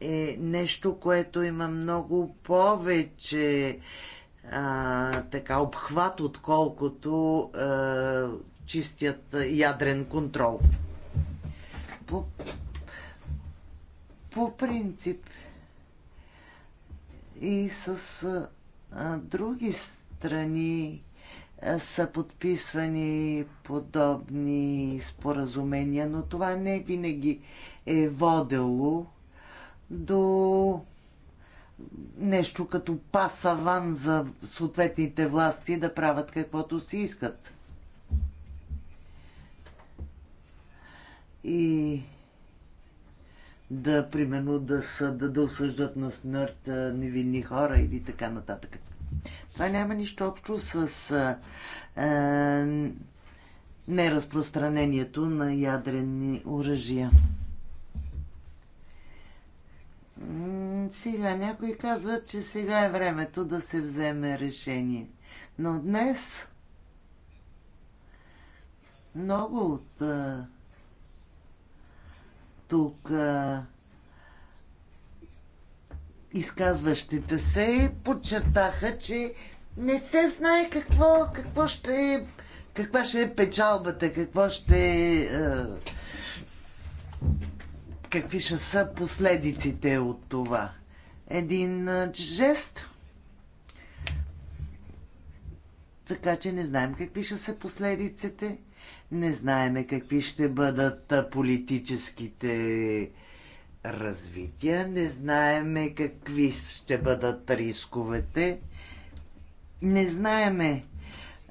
е нещо, което има много повече а, така обхват, отколкото а, чистият ядрен контрол. По, по принцип и с а, други страни а, са подписвани подобни споразумения, но това не винаги е водело до нещо като пасаван за съответните власти да правят каквото си искат. И да, примерно, да, съда, да осъждат на смърт невинни хора или така нататък. Това няма нищо общо с а, а, неразпространението на ядрени оръжия. Сега някой казва, че сега е времето да се вземе решение. Но днес много от а, тук а, изказващите се подчертаха, че не се знае какво, какво ще е, каква ще е печалбата, какво ще е, какви ще са последиците от това. Един жест, така че не знаем какви ще са последиците. Не знаеме какви ще бъдат политическите развития, не знаеме какви ще бъдат рисковете, не знаеме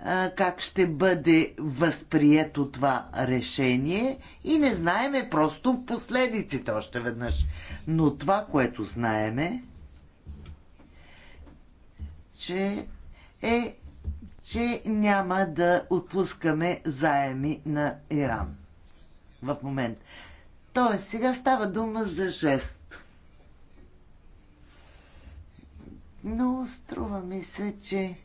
а, как ще бъде възприето това решение и не знаеме просто последиците още веднъж. Но това, което знаеме, че е че няма да отпускаме заеми на Иран в момента. Тоест, сега става дума за жест. Но струва ми се, че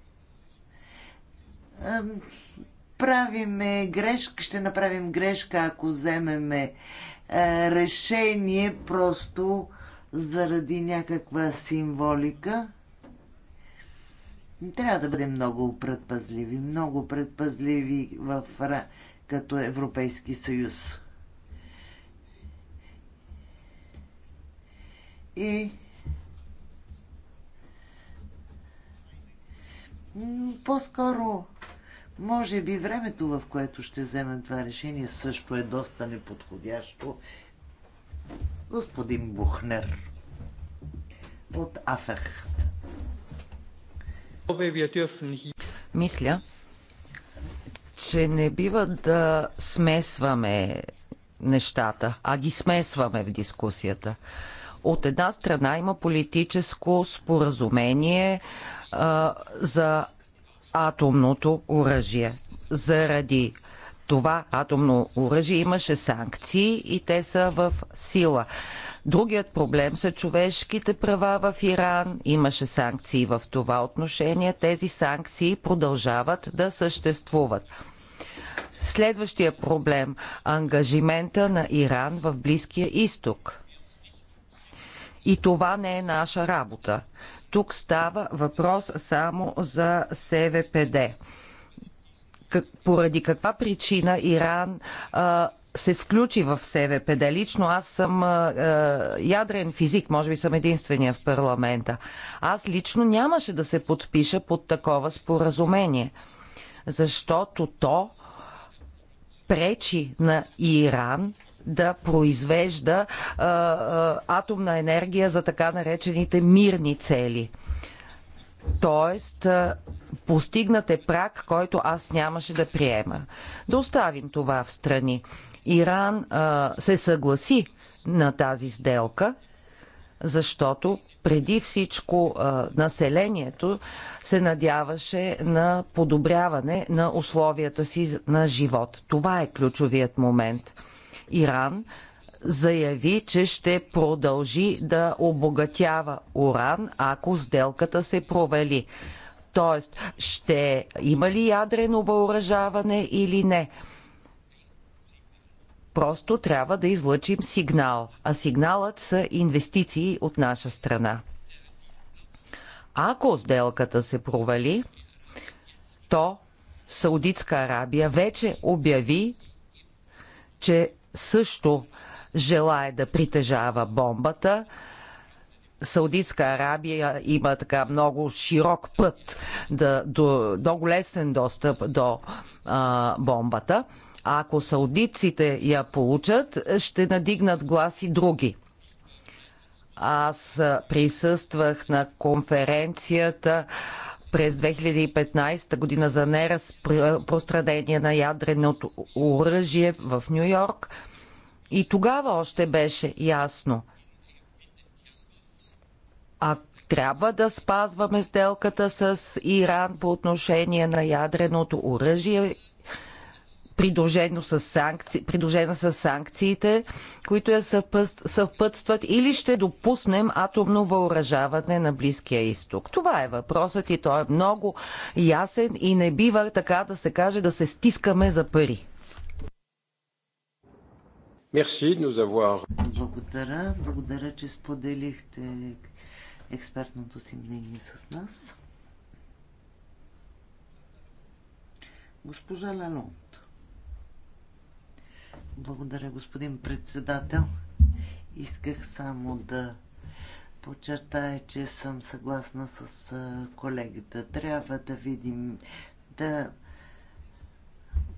правиме грешка, ще направим грешка, ако вземеме е, решение просто заради някаква символика. Трябва да бъдем много предпазливи, много предпазливи в, като Европейски съюз. И по-скоро, може би, времето, в което ще вземем това решение, също е доста неподходящо. Господин Бухнер от Афехта. Мисля, че не бива да смесваме нещата, а ги смесваме в дискусията. От една страна има политическо споразумение а, за атомното оръжие. Заради това атомно оръжие имаше санкции и те са в сила. Другият проблем са човешките права в Иран. Имаше санкции в това отношение. Тези санкции продължават да съществуват. Следващия проблем ангажимента на Иран в Близкия изток. И това не е наша работа. Тук става въпрос само за СВПД. Как, поради каква причина Иран а, се включи в СВП. Да лично аз съм е, ядрен физик, може би съм единствения в парламента. Аз лично нямаше да се подпиша под такова споразумение, защото то пречи на Иран да произвежда а, а, атомна енергия за така наречените мирни цели. Тоест, а, постигнат е прак, който аз нямаше да приема. Да оставим това в страни. Иран а, се съгласи на тази сделка, защото преди всичко а, населението се надяваше на подобряване на условията си на живот. Това е ключовият момент. Иран заяви, че ще продължи да обогатява уран, ако сделката се провали. Тоест, ще има ли ядрено въоръжаване или не? Просто трябва да излъчим сигнал, а сигналът са инвестиции от наша страна. Ако сделката се провали, то Саудитска Арабия вече обяви, че също желая да притежава бомбата. Саудитска Арабия има така много широк път, да, до, много лесен достъп до а, бомбата. Ако саудитците я получат, ще надигнат глас и други. Аз присъствах на конференцията през 2015 година за неразпространение на ядреното оръжие в Нью Йорк. И тогава още беше ясно. А трябва да спазваме сделката с Иран по отношение на ядреното оръжие придружено с, санкци, придружена с санкциите, които я съпътстват, или ще допуснем атомно въоръжаване на Близкия изток? Това е въпросът и той е много ясен и не бива така да се каже да се стискаме за пари. Благодаря, благодаря, че споделихте експертното си мнение с нас. Госпожа Лалонт. Благодаря, господин председател. Исках само да подчертая, че съм съгласна с колегата. Трябва да видим, да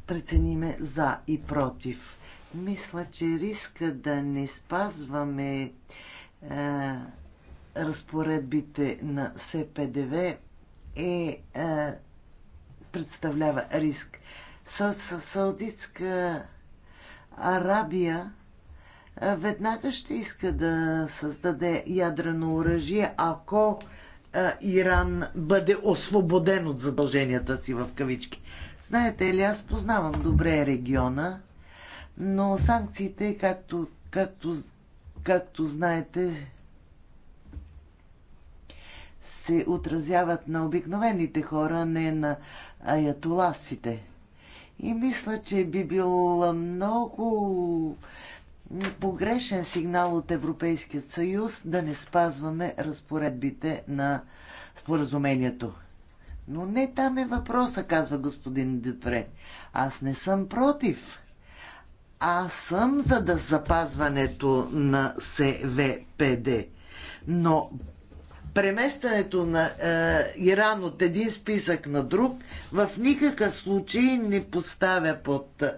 прецениме за и против. Мисля, че риска да не спазваме е, разпоредбите на СПДВ е, е представлява риск. Са, са, Саудитска Арабия веднага ще иска да създаде ядрено оръжие, ако Иран бъде освободен от задълженията си в кавички. Знаете ли, аз познавам добре региона, но санкциите, както, както, както знаете, се отразяват на обикновените хора, не на аятоласите. И мисля, че би бил много погрешен сигнал от Европейския съюз да не спазваме разпоредбите на споразумението. Но не там е въпроса, казва господин Депре. Аз не съм против. Аз съм за да запазването на СВПД. Но преместването на е, Иран от един списък на друг в никакъв случай не поставя под е,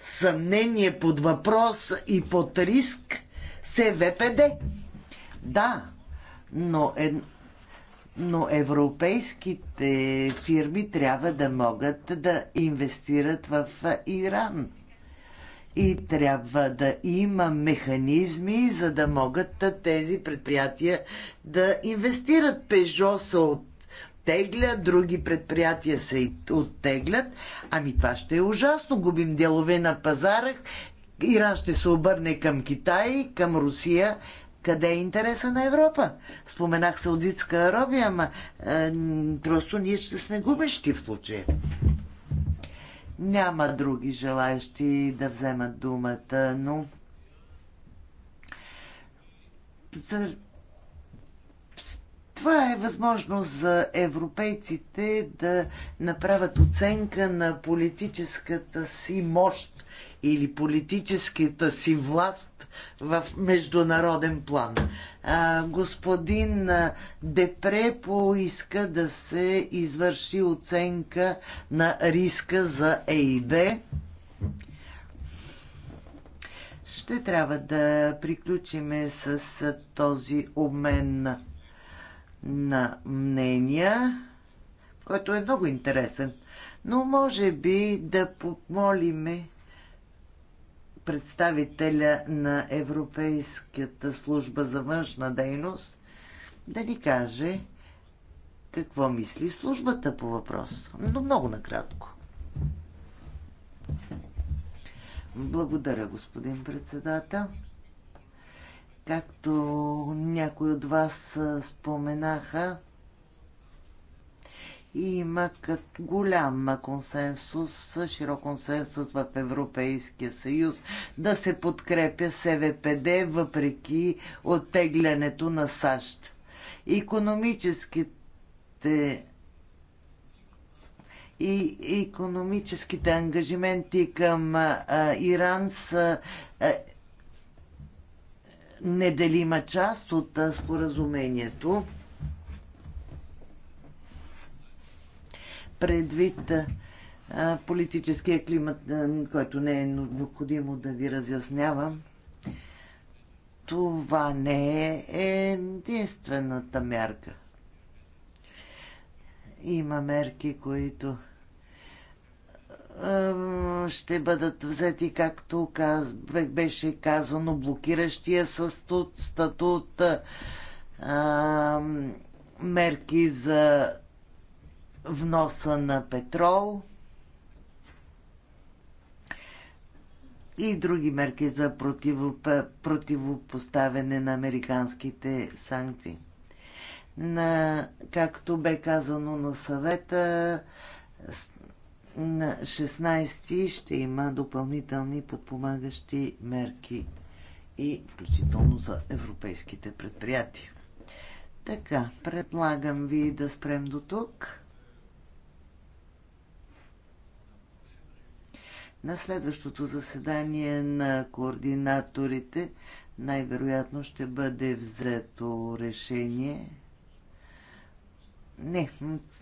съмнение, под въпрос и под риск СВПД. Да, но, е, но европейските фирми трябва да могат да инвестират в е, Иран и трябва да има механизми, за да могат тези предприятия да инвестират. Пежо са оттеглят, други предприятия се оттеглят. Ами това ще е ужасно. Губим делове на пазарах. Иран ще се обърне към Китай, към Русия. Къде е интереса на Европа? Споменах Саудитска Аробия, ама е, просто ние ще сме губещи в случая. Няма други желаящи да вземат думата, но за... това е възможност за европейците да направят оценка на политическата си мощ или политическата си власт в международен план. А, господин Депре поиска да се извърши оценка на риска за ЕИБ. Ще трябва да приключиме с този обмен на мнения, който е много интересен. Но може би да помолиме представителя на Европейската служба за външна дейност да ни каже какво мисли службата по въпроса, но много накратко. Благодаря, господин председател. Както някои от вас споменаха, има като голям консенсус, широк консенсус в Европейския съюз да се подкрепя СВПД въпреки оттеглянето на САЩ. Економическите и економическите ангажименти към а, Иран са а, неделима част от а, споразумението предвид политическия климат, който не е необходимо да ви разяснявам. Това не е единствената мярка. Има мерки, които ще бъдат взети, както каз... беше казано, блокиращия статут, статут а, мерки за вноса на петрол и други мерки за противопоставяне на американските санкции. На, както бе казано на съвета, на 16 ще има допълнителни подпомагащи мерки и включително за европейските предприятия. Така, предлагам ви да спрем до тук. На следващото заседание на координаторите най-вероятно ще бъде взето решение. Не,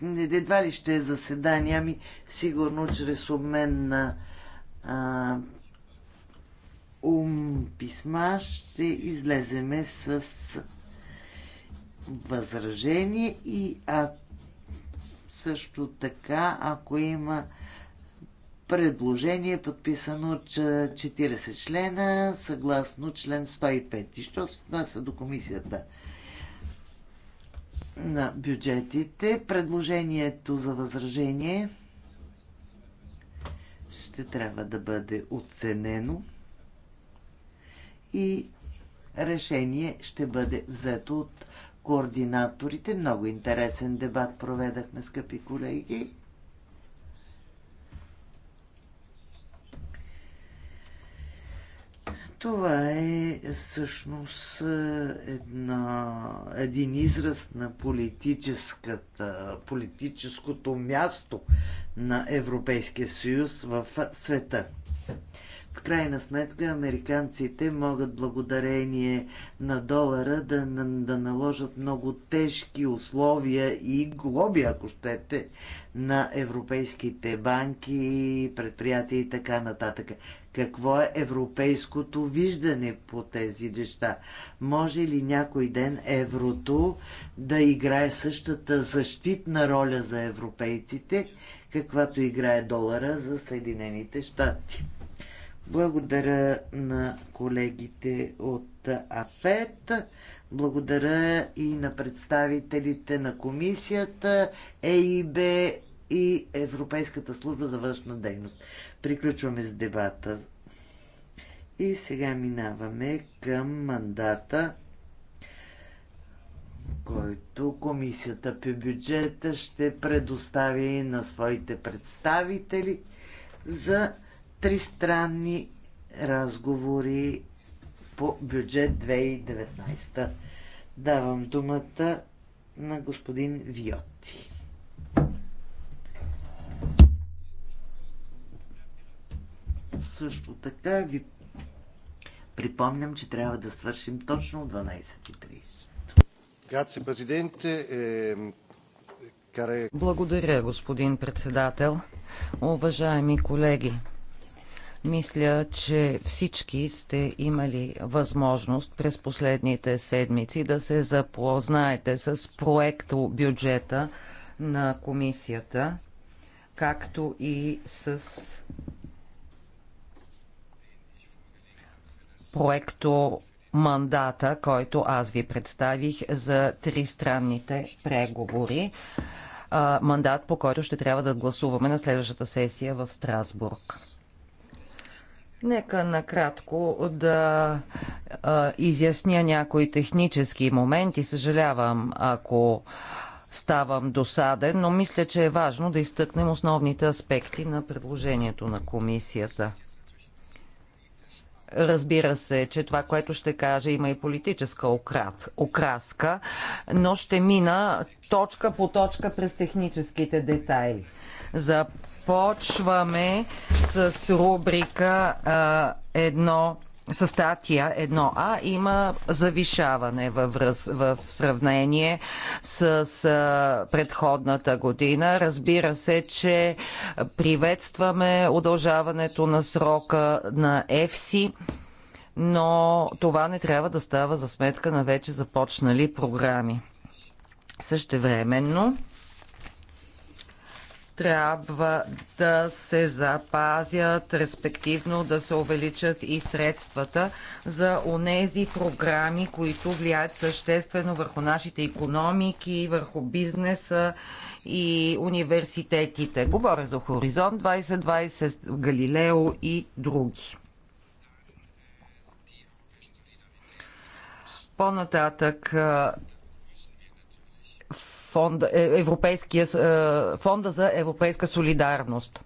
не едва ли ще е заседание, ами сигурно чрез обмен на а, ум писма ще излеземе с възражение и а, също така, ако има предложение, подписано от 40 члена, съгласно член 105. И що се отнася до комисията на бюджетите. Предложението за възражение ще трябва да бъде оценено и решение ще бъде взето от координаторите. Много интересен дебат проведахме, скъпи колеги. Това е всъщност е, една, един израз на политическата, политическото място на Европейския съюз в света. В крайна сметка американците могат благодарение на долара да, да наложат много тежки условия и глоби, ако щете, на европейските банки, предприятия и така нататък. Какво е европейското виждане по тези неща? Може ли някой ден еврото да играе същата защитна роля за европейците, каквато играе долара за Съединените щати? Благодаря на колегите от АФЕТ. Благодаря и на представителите на комисията, ЕИБ и Европейската служба за външна дейност. Приключваме с дебата. И сега минаваме към мандата, който комисията по бюджета ще предостави на своите представители за тристранни разговори по бюджет 2019. Давам думата на господин Виоти. Също така ви припомням, че трябва да свършим точно 12.30. президенте. Е, Благодаря, господин председател. Уважаеми колеги, мисля, че всички сте имали възможност през последните седмици да се запознаете с проекто бюджета на комисията, както и с проекто мандата, който аз ви представих за тристранните преговори. Мандат, по който ще трябва да гласуваме на следващата сесия в Страсбург. Нека накратко да а, изясня някои технически моменти. Съжалявам, ако ставам досаден, но мисля, че е важно да изтъкнем основните аспекти на предложението на комисията. Разбира се, че това, което ще кажа, има и политическа окраска, но ще мина точка по точка през техническите детайли. За започваме с рубрика едно със статия 1А има завишаване във връз, в сравнение с, а, предходната година. Разбира се, че приветстваме удължаването на срока на ЕФСИ, но това не трябва да става за сметка на вече започнали програми. Същевременно, времено трябва да се запазят, респективно да се увеличат и средствата за онези програми, които влияят съществено върху нашите економики, върху бизнеса и университетите. Говоря за Хоризонт 2020, Галилео и други. По-нататък фонда, е, Европейския, е, фонда за европейска солидарност.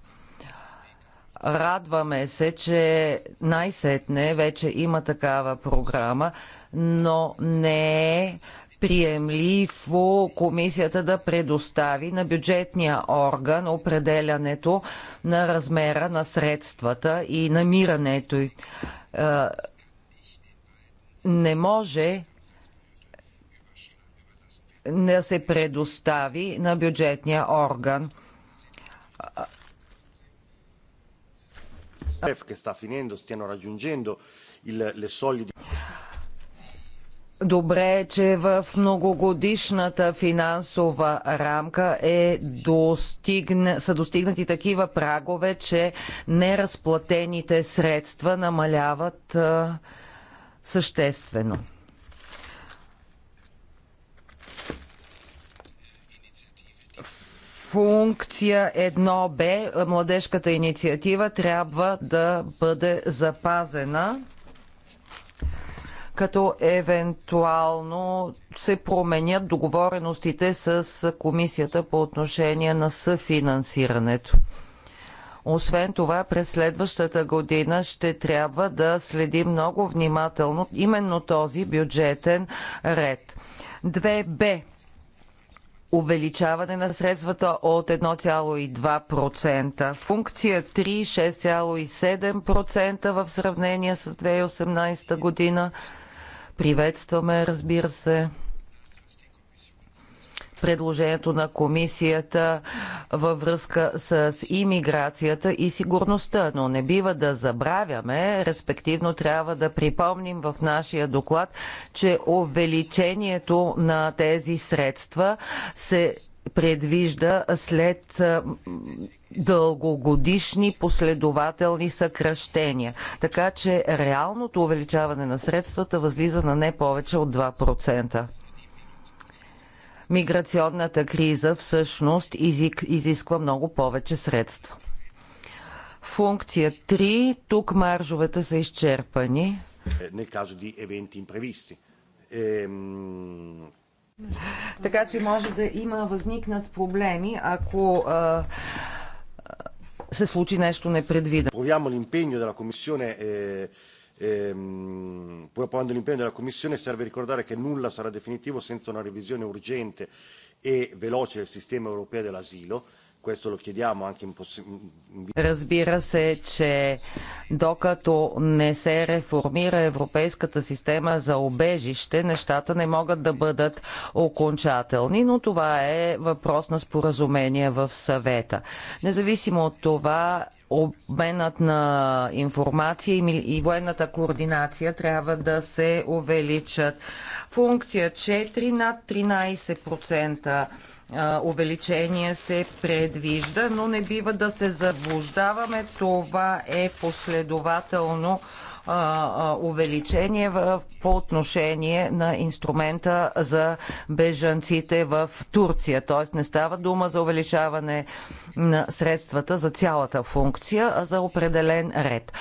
Радваме се, че най-сетне вече има такава програма, но не е приемливо комисията да предостави на бюджетния орган определянето на размера на средствата и намирането й. Е, не може не се предостави на бюджетния орган. Добре е, че в многогодишната финансова рамка е достигна, са достигнати такива прагове, че неразплатените средства намаляват съществено. функция 1Б, младежката инициатива, трябва да бъде запазена като евентуално се променят договореностите с комисията по отношение на съфинансирането. Освен това, през следващата година ще трябва да следим много внимателно именно този бюджетен ред. 2Б увеличаване на средствата от 1,2%. Функция 3 6,7% в сравнение с 2018 година. Приветстваме, разбира се, предложението на комисията във връзка с имиграцията и сигурността, но не бива да забравяме, респективно трябва да припомним в нашия доклад, че увеличението на тези средства се предвижда след дългогодишни последователни съкръщения. Така че реалното увеличаване на средствата възлиза на не повече от 2% миграционната криза всъщност изисква много повече средства. Функция 3. Тук маржовете са изчерпани. Ehm, така че може да има възникнат проблеми, ако се случи нещо непредвидено. Ehm, pur approvando l'impegno della Commissione, serve ricordare che nulla sarà definitivo senza una revisione urgente e veloce del sistema europeo dell'asilo. Questo lo chiediamo anche in Разбира се, че докато не се реформира европейската система за обежище, нещата не могат да бъдат окончателни, но това е въпрос на споразумение в съвета. Независимо от това, обменът на информация и военната координация трябва да се увеличат. Функция 4 над 13% увеличение се предвижда, но не бива да се заблуждаваме. Това е последователно увеличение в, по отношение на инструмента за бежанците в Турция. Тоест не става дума за увеличаване на средствата за цялата функция, а за определен ред.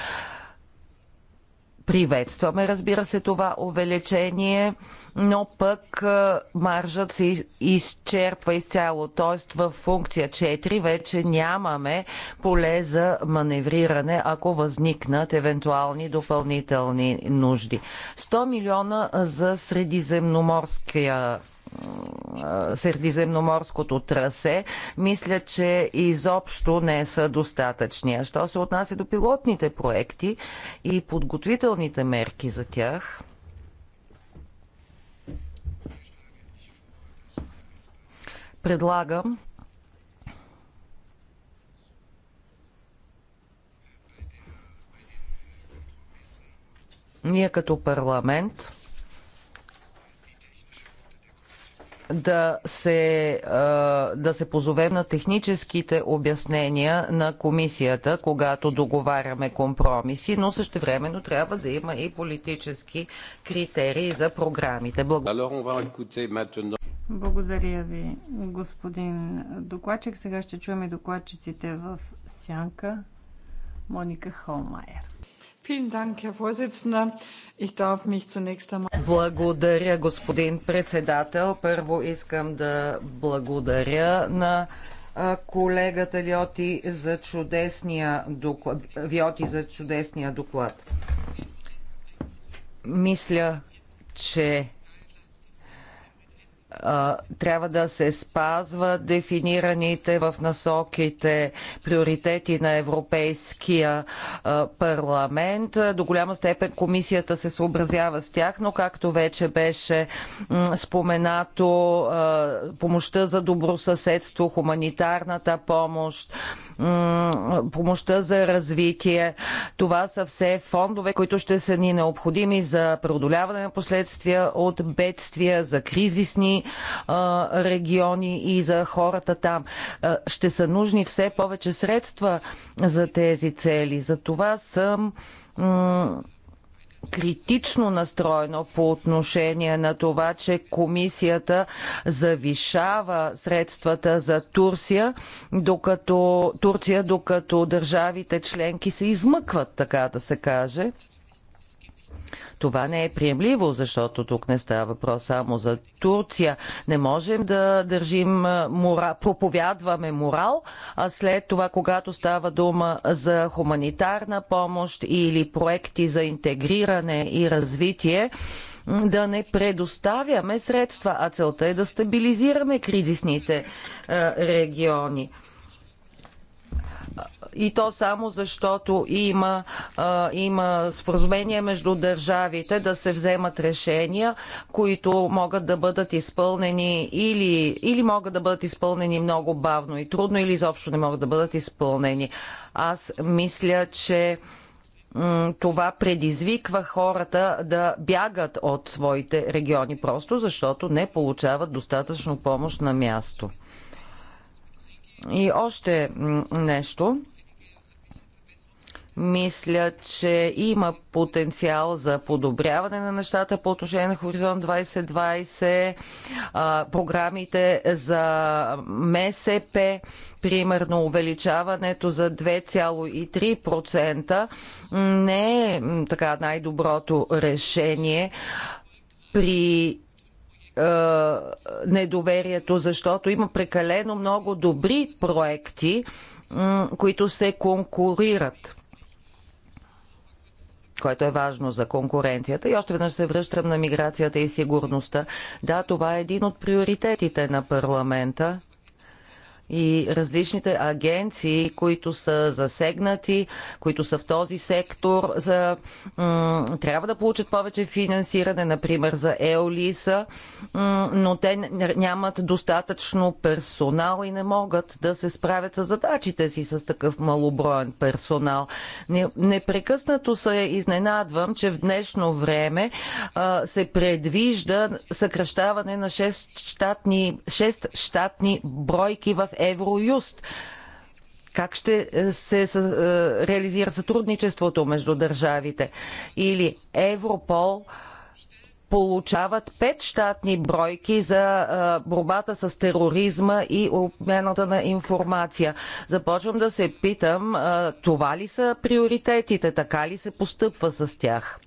Приветстваме, разбира се, това увеличение, но пък маржът се изчерпва изцяло. Т.е. в функция 4 вече нямаме поле за маневриране, ако възникнат евентуални допълнителни нужди. 100 милиона за средиземноморския средиземноморското трасе, мисля, че изобщо не са достатъчни. А що се отнася до пилотните проекти и подготвителните мерки за тях? Предлагам ние като парламент да се, да се позовем на техническите обяснения на комисията, когато договаряме компромиси, но също времено трябва да има и политически критерии за програмите. Благодаря. Благодаря ви, господин докладчик. Сега ще чуем и докладчиците в Сянка. Моника Холмайер. Благодаря, господин председател. Първо искам да благодаря на колегата Льоти за чудесния доклад. Виоти за чудесния доклад. Мисля, че трябва да се спазват дефинираните в насоките приоритети на Европейския парламент. До голяма степен комисията се съобразява с тях, но както вече беше споменато, помощта за добросъседство, хуманитарната помощ, помощта за развитие, това са все фондове, които ще са ни необходими за преодоляване на последствия от бедствия, за кризисни а, региони и за хората там. А, ще са нужни все повече средства за тези цели. За това съм критично настроено по отношение на това, че комисията завишава средствата за Турция, докато, Турция, докато държавите членки се измъкват, така да се каже. Това не е приемливо, защото тук не става въпрос само за Турция. Не можем да държим мора, проповядваме морал, а след това, когато става дума за хуманитарна помощ или проекти за интегриране и развитие, да не предоставяме средства, а целта е да стабилизираме кризисните региони и то само защото има, а, има споразумение между държавите да се вземат решения, които могат да бъдат изпълнени или, или могат да бъдат изпълнени много бавно и трудно, или изобщо не могат да бъдат изпълнени. Аз мисля, че това предизвиква хората да бягат от своите региони, просто защото не получават достатъчно помощ на място. И още нещо. Мисля, че има потенциал за подобряване на нещата по отношение на Хоризонт 2020, програмите за МСП, примерно увеличаването за 2,3% не е така най-доброто решение при е, недоверието, защото има прекалено много добри проекти, които се конкурират което е важно за конкуренцията. И още веднъж се връщам на миграцията и сигурността. Да, това е един от приоритетите на парламента и различните агенции, които са засегнати, които са в този сектор, за, трябва да получат повече финансиране, например за Еолиса, но те нямат достатъчно персонал и не могат да се справят с задачите си с такъв малоброен персонал. Непрекъснато се изненадвам, че в днешно време се предвижда съкръщаване на 6 щатни, 6 щатни бройки в Евроюст? Как ще е, се е, реализира сътрудничеството между държавите? Или Европол получават пет щатни бройки за е, борбата с тероризма и обмената на информация. Започвам да се питам, това ли са приоритетите, така ли се постъпва с тях?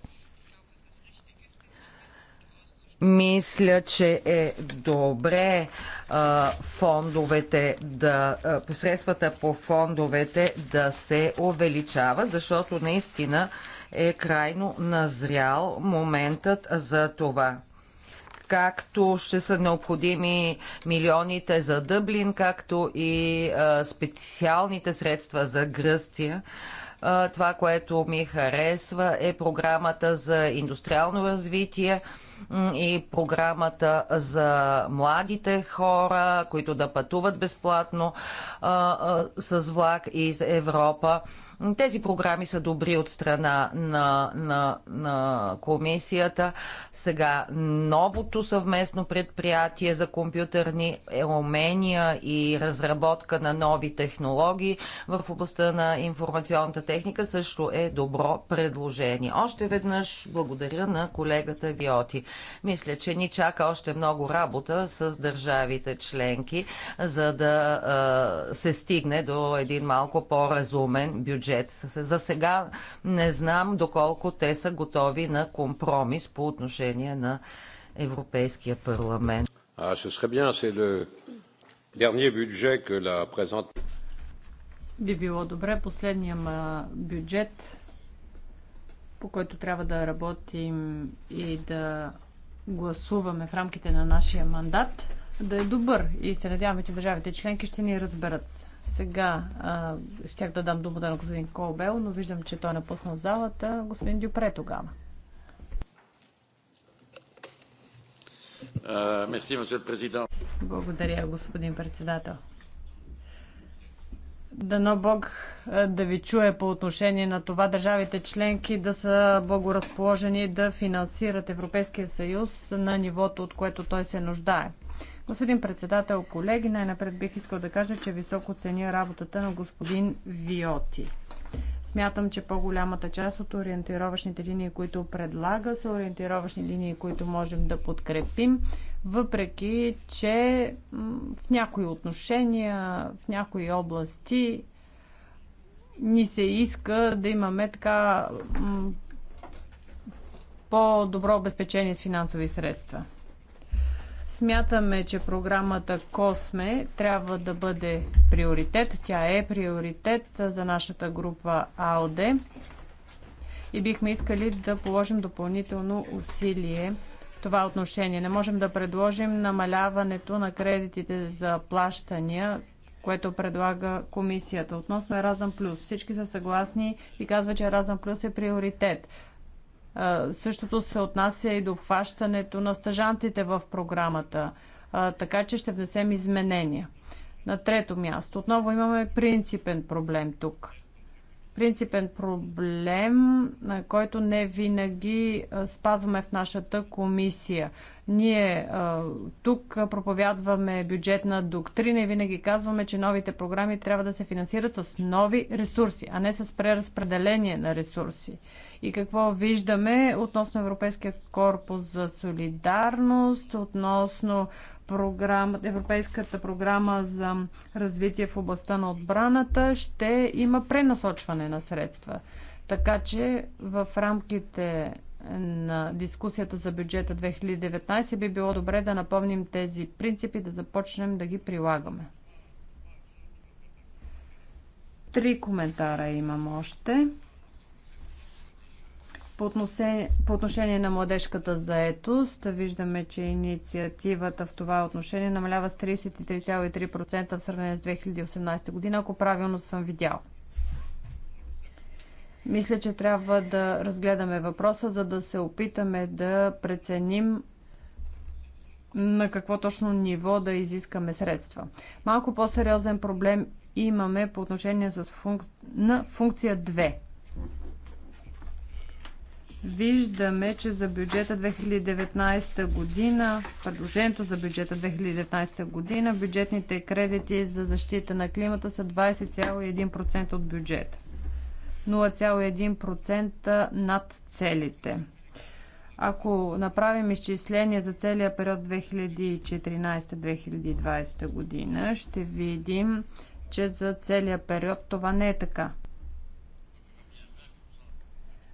Мисля, че е добре а, фондовете да, а, посредствата по фондовете да се увеличават, защото наистина е крайно назрял моментът за това както ще са необходими милионите за Дъблин, както и а, специалните средства за Гръстия. А, това, което ми харесва е програмата за индустриално развитие и програмата за младите хора, които да пътуват безплатно а, а, с влак из Европа. Тези програми са добри от страна на, на, на комисията. Сега новото съвместно предприятие за компютърни умения е и разработка на нови технологии в областта на информационната техника също е добро предложение. Още веднъж благодаря на колегата Виоти. Мисля, че ни чака още много работа с държавите членки, за да се стигне до един малко по-разумен бюджет. За сега не знам доколко те са готови на компромис по отношение на Европейския парламент. А, ce serait bien, c'est le dernier budget que la présente... Би било добре последния бюджет по който трябва да работим и да гласуваме в рамките на нашия мандат, да е добър. И се надяваме, че държавите членки ще ни разберат. Сега щях да дам думата на господин Колбел, но виждам, че той е напуснал залата. Господин Дюпре е тогава. Благодаря, господин председател. Дано Бог да ви чуе по отношение на това държавите членки да са благоразположени да финансират Европейския съюз на нивото, от което той се нуждае. Господин председател, колеги, най-напред бих искал да кажа, че високо ценя работата на господин Виоти. Смятам, че по-голямата част от ориентировъчните линии, които предлага, са ориентировъчни линии, които можем да подкрепим въпреки че в някои отношения, в някои области ни се иска да имаме така по-добро обезпечение с финансови средства. Смятаме, че програмата Косме трябва да бъде приоритет. Тя е приоритет за нашата група АОД и бихме искали да положим допълнително усилие това отношение. Не можем да предложим намаляването на кредитите за плащания, което предлага комисията. Относно Еразъм Плюс, всички са съгласни и казват, че Еразъм Плюс е приоритет. Същото се отнася и до обхващането на стъжантите в програмата, така че ще внесем изменения. На трето място, отново имаме принципен проблем тук принципен проблем, на който не винаги спазваме в нашата комисия. Ние тук проповядваме бюджетна доктрина и винаги казваме, че новите програми трябва да се финансират с нови ресурси, а не с преразпределение на ресурси. И какво виждаме относно Европейския корпус за солидарност, относно програма, Европейската програма за развитие в областта на отбраната ще има пренасочване на средства. Така че в рамките на дискусията за бюджета 2019 би било добре да напомним тези принципи, да започнем да ги прилагаме. Три коментара имам още. По отношение, по отношение на младежката заетост, виждаме, че инициативата в това отношение намалява с 33,3% в сравнение с 2018 година, ако правилно съм видял. Мисля, че трябва да разгледаме въпроса, за да се опитаме да преценим на какво точно ниво да изискаме средства. Малко по-сериозен проблем имаме по отношение с функ... на функция 2 виждаме, че за бюджета 2019 година, предложението за бюджета 2019 година, бюджетните кредити за защита на климата са 20,1% от бюджета. 0,1% над целите. Ако направим изчисление за целия период 2014-2020 година, ще видим, че за целия период това не е така.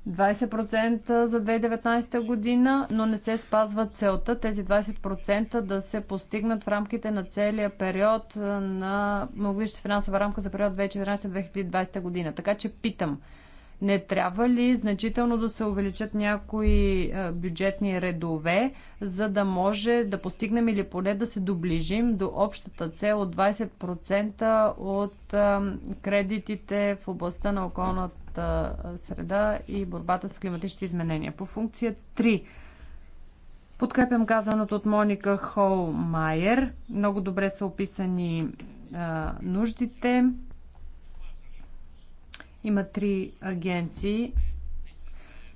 20% за 2019 година, но не се спазва целта тези 20% да се постигнат в рамките на целия период на многогодишната финансова рамка за период 2014-2020 година. Така че питам, не трябва ли значително да се увеличат някои бюджетни редове, за да може да постигнем или поне да се доближим до общата цел от 20% от кредитите в областта на околната околната среда и борбата с климатичните изменения. По функция 3 подкрепям казаното от Моника Холмайер. Много добре са описани а, нуждите. Има три агенции,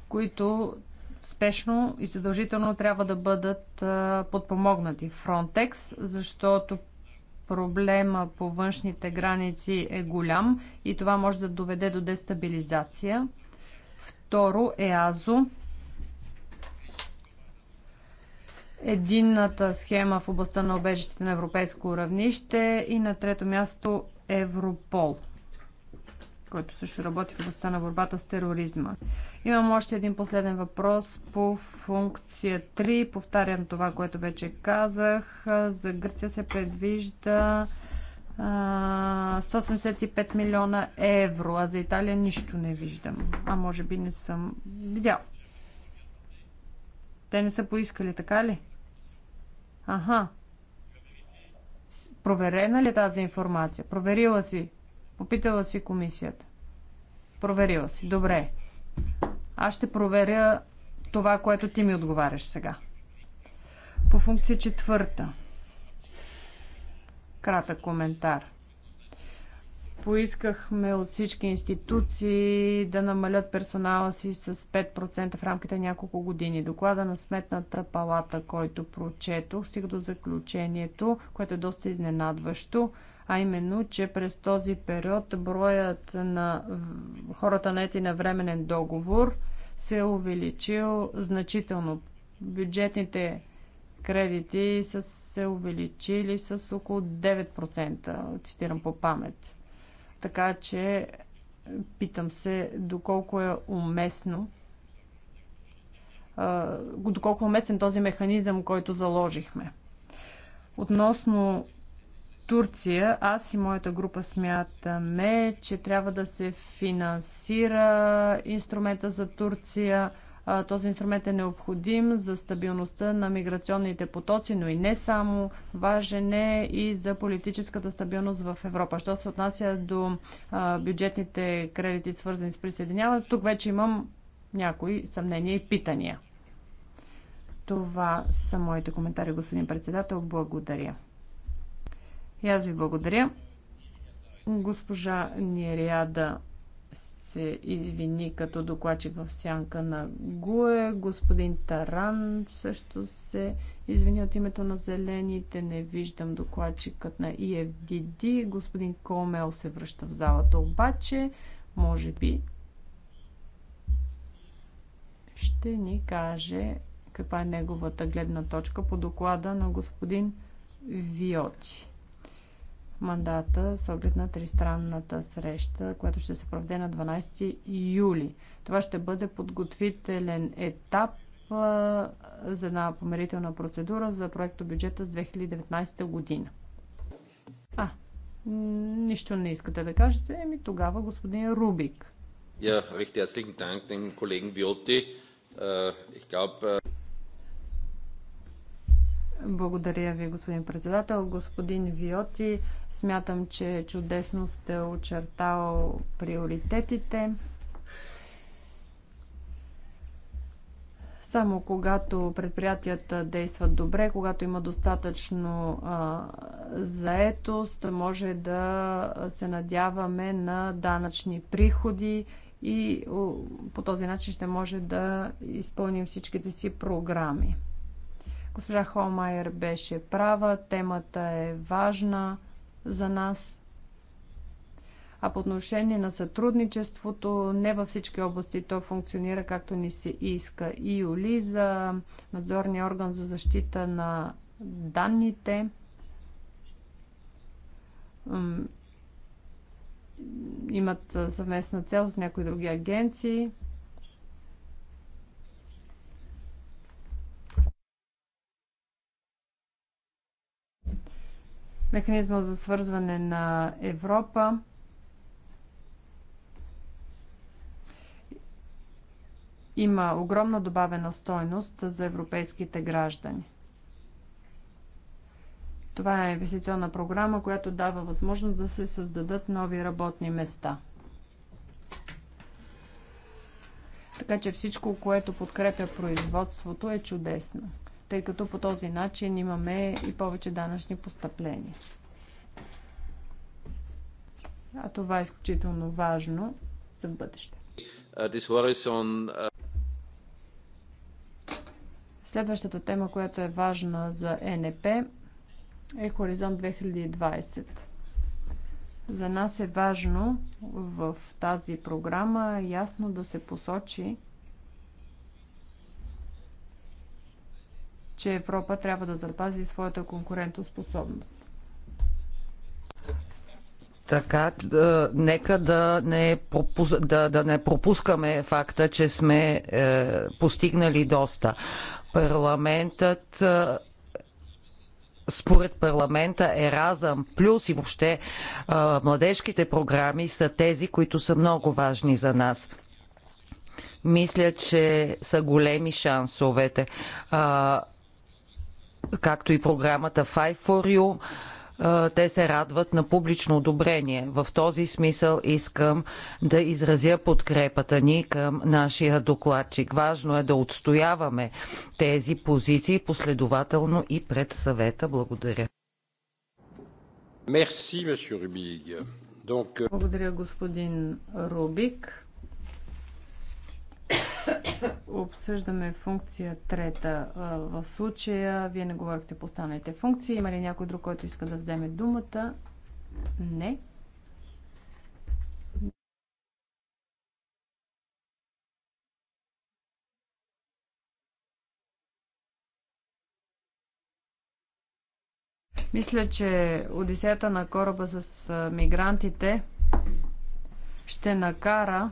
които спешно и задължително трябва да бъдат подпомогнати. Frontex, защото проблема по външните граници е голям и това може да доведе до дестабилизация. Второ, ЕАЗО. Единната схема в областта на обежището на европейско равнище и на трето място Европол – който също работи в областта на борбата с тероризма. Имам още един последен въпрос по функция 3. Повтарям това, което вече казах. За Гърция се предвижда 175 милиона евро, а за Италия нищо не виждам. А може би не съм видял. Те не са поискали, така ли? Аха. Проверена ли е тази информация? Проверила си Попитала си комисията. Проверила си. Добре. Аз ще проверя това, което ти ми отговаряш сега. По функция четвърта. Кратък коментар. Поискахме от всички институции да намалят персонала си с 5% в рамките на няколко години. Доклада на Сметната палата, който прочетох, стига до заключението, което е доста изненадващо а именно, че през този период броят на хората на на временен договор се е увеличил значително. Бюджетните кредити са се увеличили с около 9%, цитирам по памет. Така че питам се доколко е уместно доколко е уместен този механизъм, който заложихме. Относно Турция, аз и моята група смятаме, че трябва да се финансира инструмента за Турция. Този инструмент е необходим за стабилността на миграционните потоци, но и не само. Важен е и за политическата стабилност в Европа. Що се отнася до бюджетните кредити, свързани с присъединяването, тук вече имам някои съмнения и питания. Това са моите коментари, господин председател. Благодаря. И аз ви благодаря. Госпожа Нириада се извини като докладчик в сянка на ГУЕ. Господин Таран също се извини от името на зелените. Не виждам докладчикът на EFDD. Е господин Комел се връща в залата обаче. Може би ще ни каже каква е неговата гледна точка по доклада на господин Виоти мандата с оглед на тристранната среща, която ще се проведе на 12 юли. Това ще бъде подготвителен етап за една помирителна процедура за проекто бюджета с 2019 година. А, нищо не искате да кажете, еми тогава господин Рубик. Äh, ich glaube, äh, благодаря ви, господин председател. Господин Виоти, смятам, че чудесно сте очертал приоритетите. Само когато предприятията действат добре, когато има достатъчно а, заетост, може да се надяваме на данъчни приходи и по този начин ще може да изпълним всичките си програми. Госпожа Холмайер беше права, темата е важна за нас. А по отношение на сътрудничеството, не във всички области то функционира както ни се иска. И Юлиза, надзорния орган за защита на данните, имат съвместна цел с някои други агенции. механизма за свързване на Европа. Има огромна добавена стойност за европейските граждани. Това е инвестиционна програма, която дава възможност да се създадат нови работни места. Така че всичко, което подкрепя производството е чудесно тъй като по този начин имаме и повече данъчни постъпления. А това е изключително важно за бъдеще. Uh, uh, Следващата тема, която е важна за НП е Хоризонт 2020. За нас е важно в тази програма ясно да се посочи че Европа трябва да запази своята конкурентоспособност. Така, да, нека да не, пропус, да, да не пропускаме факта, че сме е, постигнали доста. Парламентът е, според парламента Еразъм Плюс и въобще е, младежките програми са тези, които са много важни за нас. Мисля, че са големи шансовете както и програмата Five for You, те се радват на публично одобрение. В този смисъл искам да изразя подкрепата ни към нашия докладчик. Важно е да отстояваме тези позиции последователно и пред съвета. Благодаря. Merci, Donc... Euh, Благодаря, господин Рубик обсъждаме функция трета в случая. Вие не говорихте по останалите функции. Има ли някой друг, който иска да вземе думата? Не. Мисля, че Одисеята на кораба с мигрантите ще накара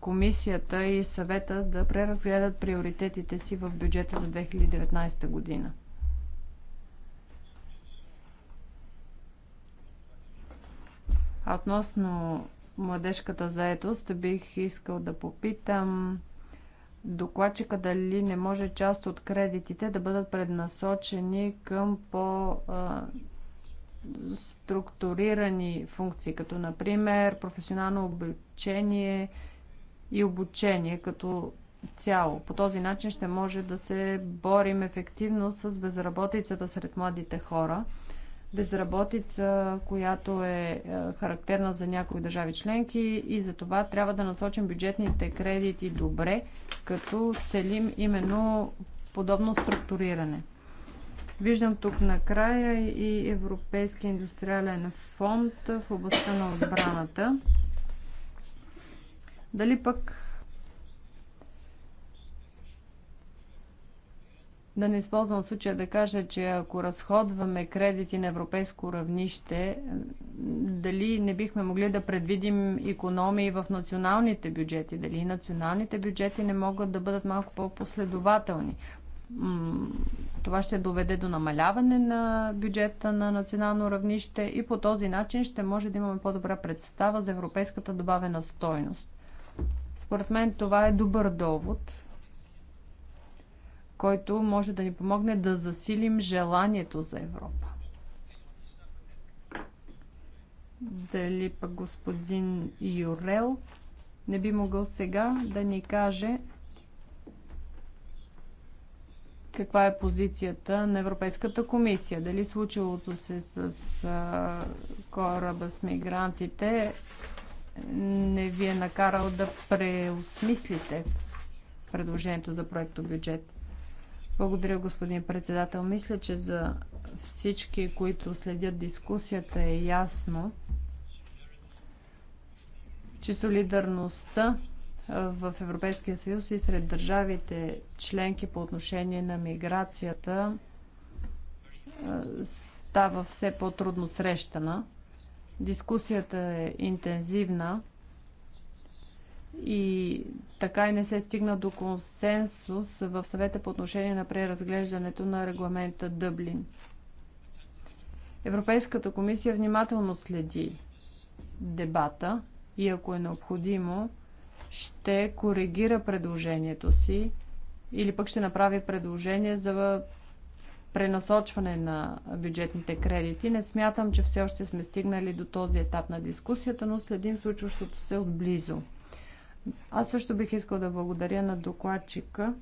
комисията и съвета да преразгледат приоритетите си в бюджета за 2019 година. А относно младежката заетост, бих искал да попитам докладчика дали не може част от кредитите да бъдат преднасочени към по структурирани функции, като например професионално обучение, и обучение като цяло. По този начин ще може да се борим ефективно с безработицата сред младите хора. Безработица, която е, е характерна за някои държави членки и за това трябва да насочим бюджетните кредити добре, като целим именно подобно структуриране. Виждам тук накрая и Европейския индустриален фонд в областта на отбраната. Дали пък Да не използвам случая да кажа, че ако разходваме кредити на европейско равнище, дали не бихме могли да предвидим економии в националните бюджети? Дали националните бюджети не могат да бъдат малко по-последователни? Това ще доведе до намаляване на бюджета на национално равнище и по този начин ще може да имаме по-добра представа за европейската добавена стойност. Според мен това е добър довод, който може да ни помогне да засилим желанието за Европа. Дали пък господин Юрел не би могъл сега да ни каже каква е позицията на Европейската комисия. Дали случилото се с кораба с мигрантите не ви е накарал да преосмислите предложението за проекто бюджет? Благодаря, господин председател. Мисля, че за всички, които следят дискусията, е ясно, че солидарността в Европейския съюз и сред държавите членки по отношение на миграцията става все по-трудно срещана. Дискусията е интензивна и така и не се стигна до консенсус в съвета по отношение на преразглеждането на регламента Дъблин. Европейската комисия внимателно следи дебата и ако е необходимо, ще коригира предложението си или пък ще направи предложение за пренасочване на бюджетните кредити. Не смятам, че все още сме стигнали до този етап на дискусията, но следим случващото се отблизо. Аз също бих искал да благодаря на докладчика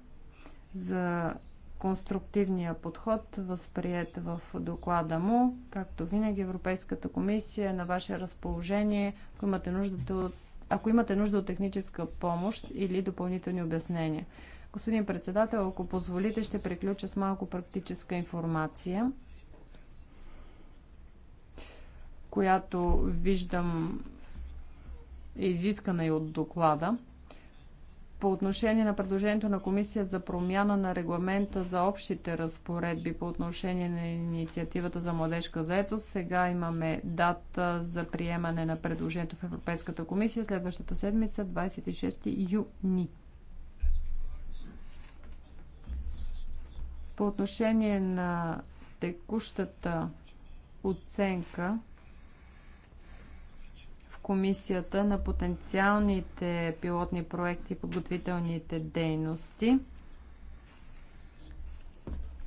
за конструктивния подход, възприят в доклада му. Както винаги, Европейската комисия е на ваше разположение, ако имате нужда от, ако имате нужда от техническа помощ или допълнителни обяснения. Господин председател, ако позволите, ще приключа с малко практическа информация, която виждам е изискана и от доклада. По отношение на предложението на комисия за промяна на регламента за общите разпоредби по отношение на инициативата за младежка заетост, сега имаме дата за приемане на предложението в Европейската комисия следващата седмица 26 юни. По отношение на текущата оценка в комисията на потенциалните пилотни проекти и подготвителните дейности,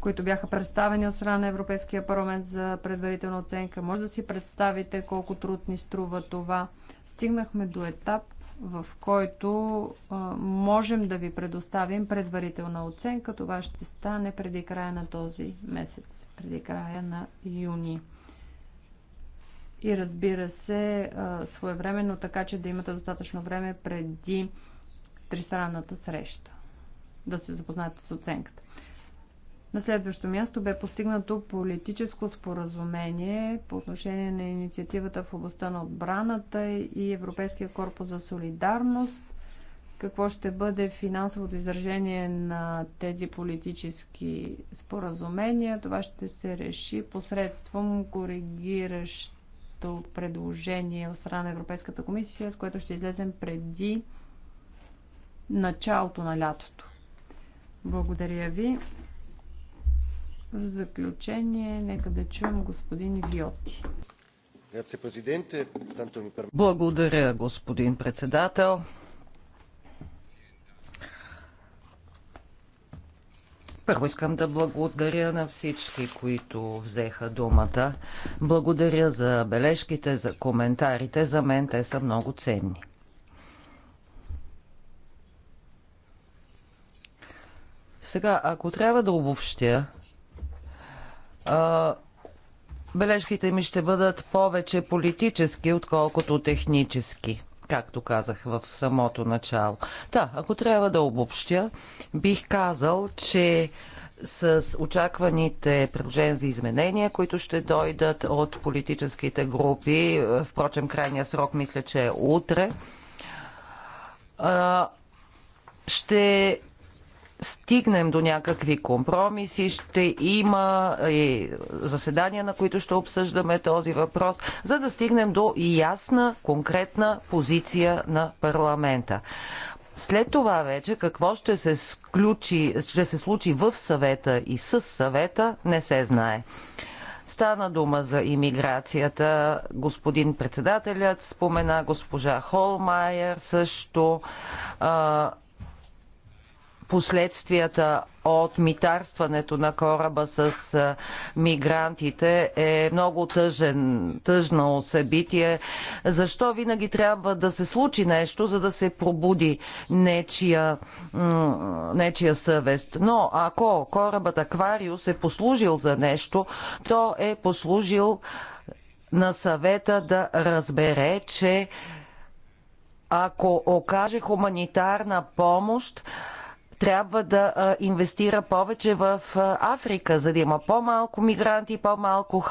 които бяха представени от страна на Европейския парламент за предварителна оценка. Може да си представите колко трудни струва това. Стигнахме до етап, в който а, можем да ви предоставим предварителна оценка. Това ще стане преди края на този месец, преди края на юни. И разбира се, а, своевременно, така че да имате достатъчно време преди тристранната среща да се запознаете с оценката. На следващо място бе постигнато политическо споразумение по отношение на инициативата в областта на отбраната и Европейския корпус за солидарност. Какво ще бъде финансовото изражение на тези политически споразумения? Това ще се реши посредством коригиращо предложение от страна на Европейската комисия, с което ще излезем преди началото на лятото. Благодаря ви. В заключение, нека да чуем господин Виоти. Благодаря, господин председател. Първо искам да благодаря на всички, които взеха думата. Благодаря за бележките, за коментарите. За мен те са много ценни. Сега, ако трябва да обобщя, Бележките ми ще бъдат повече политически, отколкото технически, както казах в самото начало. Да, ако трябва да обобщя, бих казал, че с очакваните предложения за изменения, които ще дойдат от политическите групи. Впрочем, крайния срок мисля, че е утре. Ще стигнем до някакви компромиси, ще има и е, заседания, на които ще обсъждаме този въпрос, за да стигнем до ясна, конкретна позиция на парламента. След това вече какво ще се, сключи, ще се случи в съвета и с съвета, не се знае. Стана дума за имиграцията. Господин председателят спомена госпожа Холмайер също. А, последствията от митарстването на кораба с мигрантите е много тъжен, тъжно събитие. Защо винаги трябва да се случи нещо, за да се пробуди нечия, нечия съвест? Но ако корабът Аквариус е послужил за нещо, то е послужил на съвета да разбере, че ако окаже хуманитарна помощ, трябва да инвестира повече в Африка, за да има по-малко мигранти, по-малко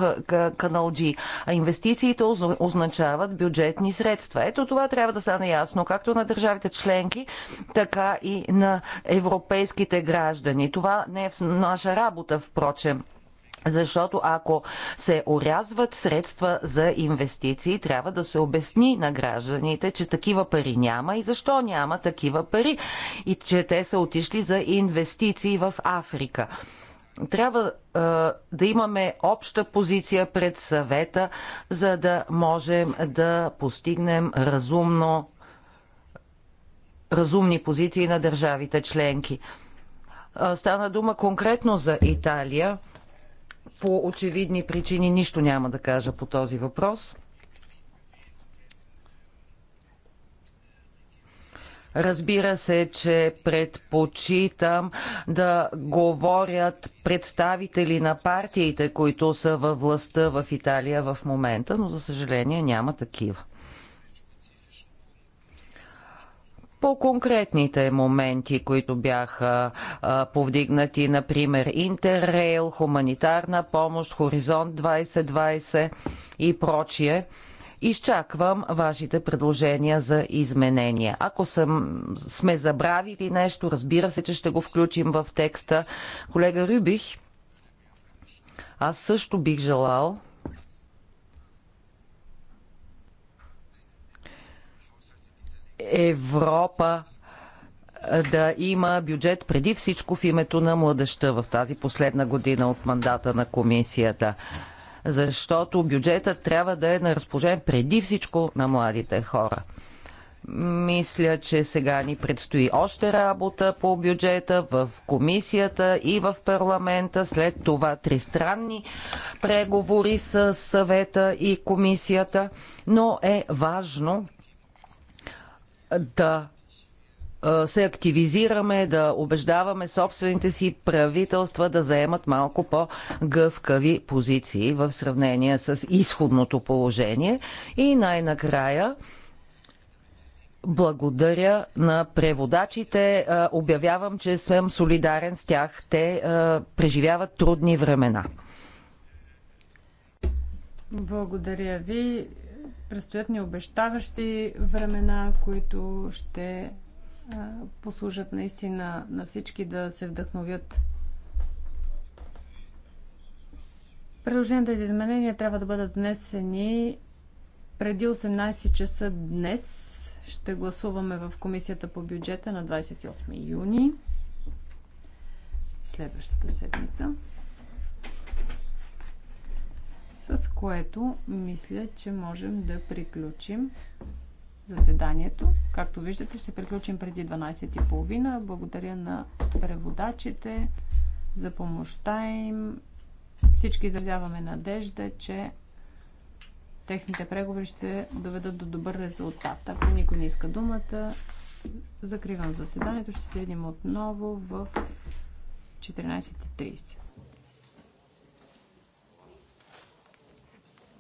каналджи. А инвестициите означават бюджетни средства. Ето това трябва да стане ясно, както на държавите членки, така и на европейските граждани. Това не е наша работа, впрочем. Защото ако се орязват средства за инвестиции, трябва да се обясни на гражданите, че такива пари няма и защо няма такива пари и че те са отишли за инвестиции в Африка трябва е, да имаме обща позиция пред съвета, за да можем да постигнем разумно, разумни позиции на държавите членки. Е, стана дума конкретно за Италия. По очевидни причини нищо няма да кажа по този въпрос. Разбира се, че предпочитам да говорят представители на партиите, които са във властта в Италия в момента, но за съжаление няма такива. по конкретните моменти, които бяха а, повдигнати, например Интеррейл, хуманитарна помощ, Хоризонт 2020 и прочие. Изчаквам вашите предложения за изменения. Ако съм, сме забравили нещо, разбира се, че ще го включим в текста. Колега Рюбих, аз също бих желал Европа да има бюджет преди всичко в името на младеща в тази последна година от мандата на комисията. Защото бюджетът трябва да е на разположение преди всичко на младите хора. Мисля, че сега ни предстои още работа по бюджета в комисията и в парламента. След това тристранни преговори с съвета и комисията. Но е важно да се активизираме, да убеждаваме собствените си правителства да заемат малко по-гъвкави позиции в сравнение с изходното положение. И най-накрая благодаря на преводачите. Обявявам, че съм солидарен с тях. Те преживяват трудни времена. Благодаря ви. Предстоят ни обещаващи времена, които ще послужат наистина на всички да се вдъхновят. Предложенията за изменения трябва да бъдат внесени преди 18 часа днес. Ще гласуваме в Комисията по бюджета на 28 юни следващата седмица. С което мисля, че можем да приключим заседанието. Както виждате, ще приключим преди 12.30. Благодаря на преводачите за помощта им. Всички изразяваме надежда, че техните преговори ще доведат до добър резултат. Ако никой не иска думата, закривам заседанието. Ще се видим отново в 14.30.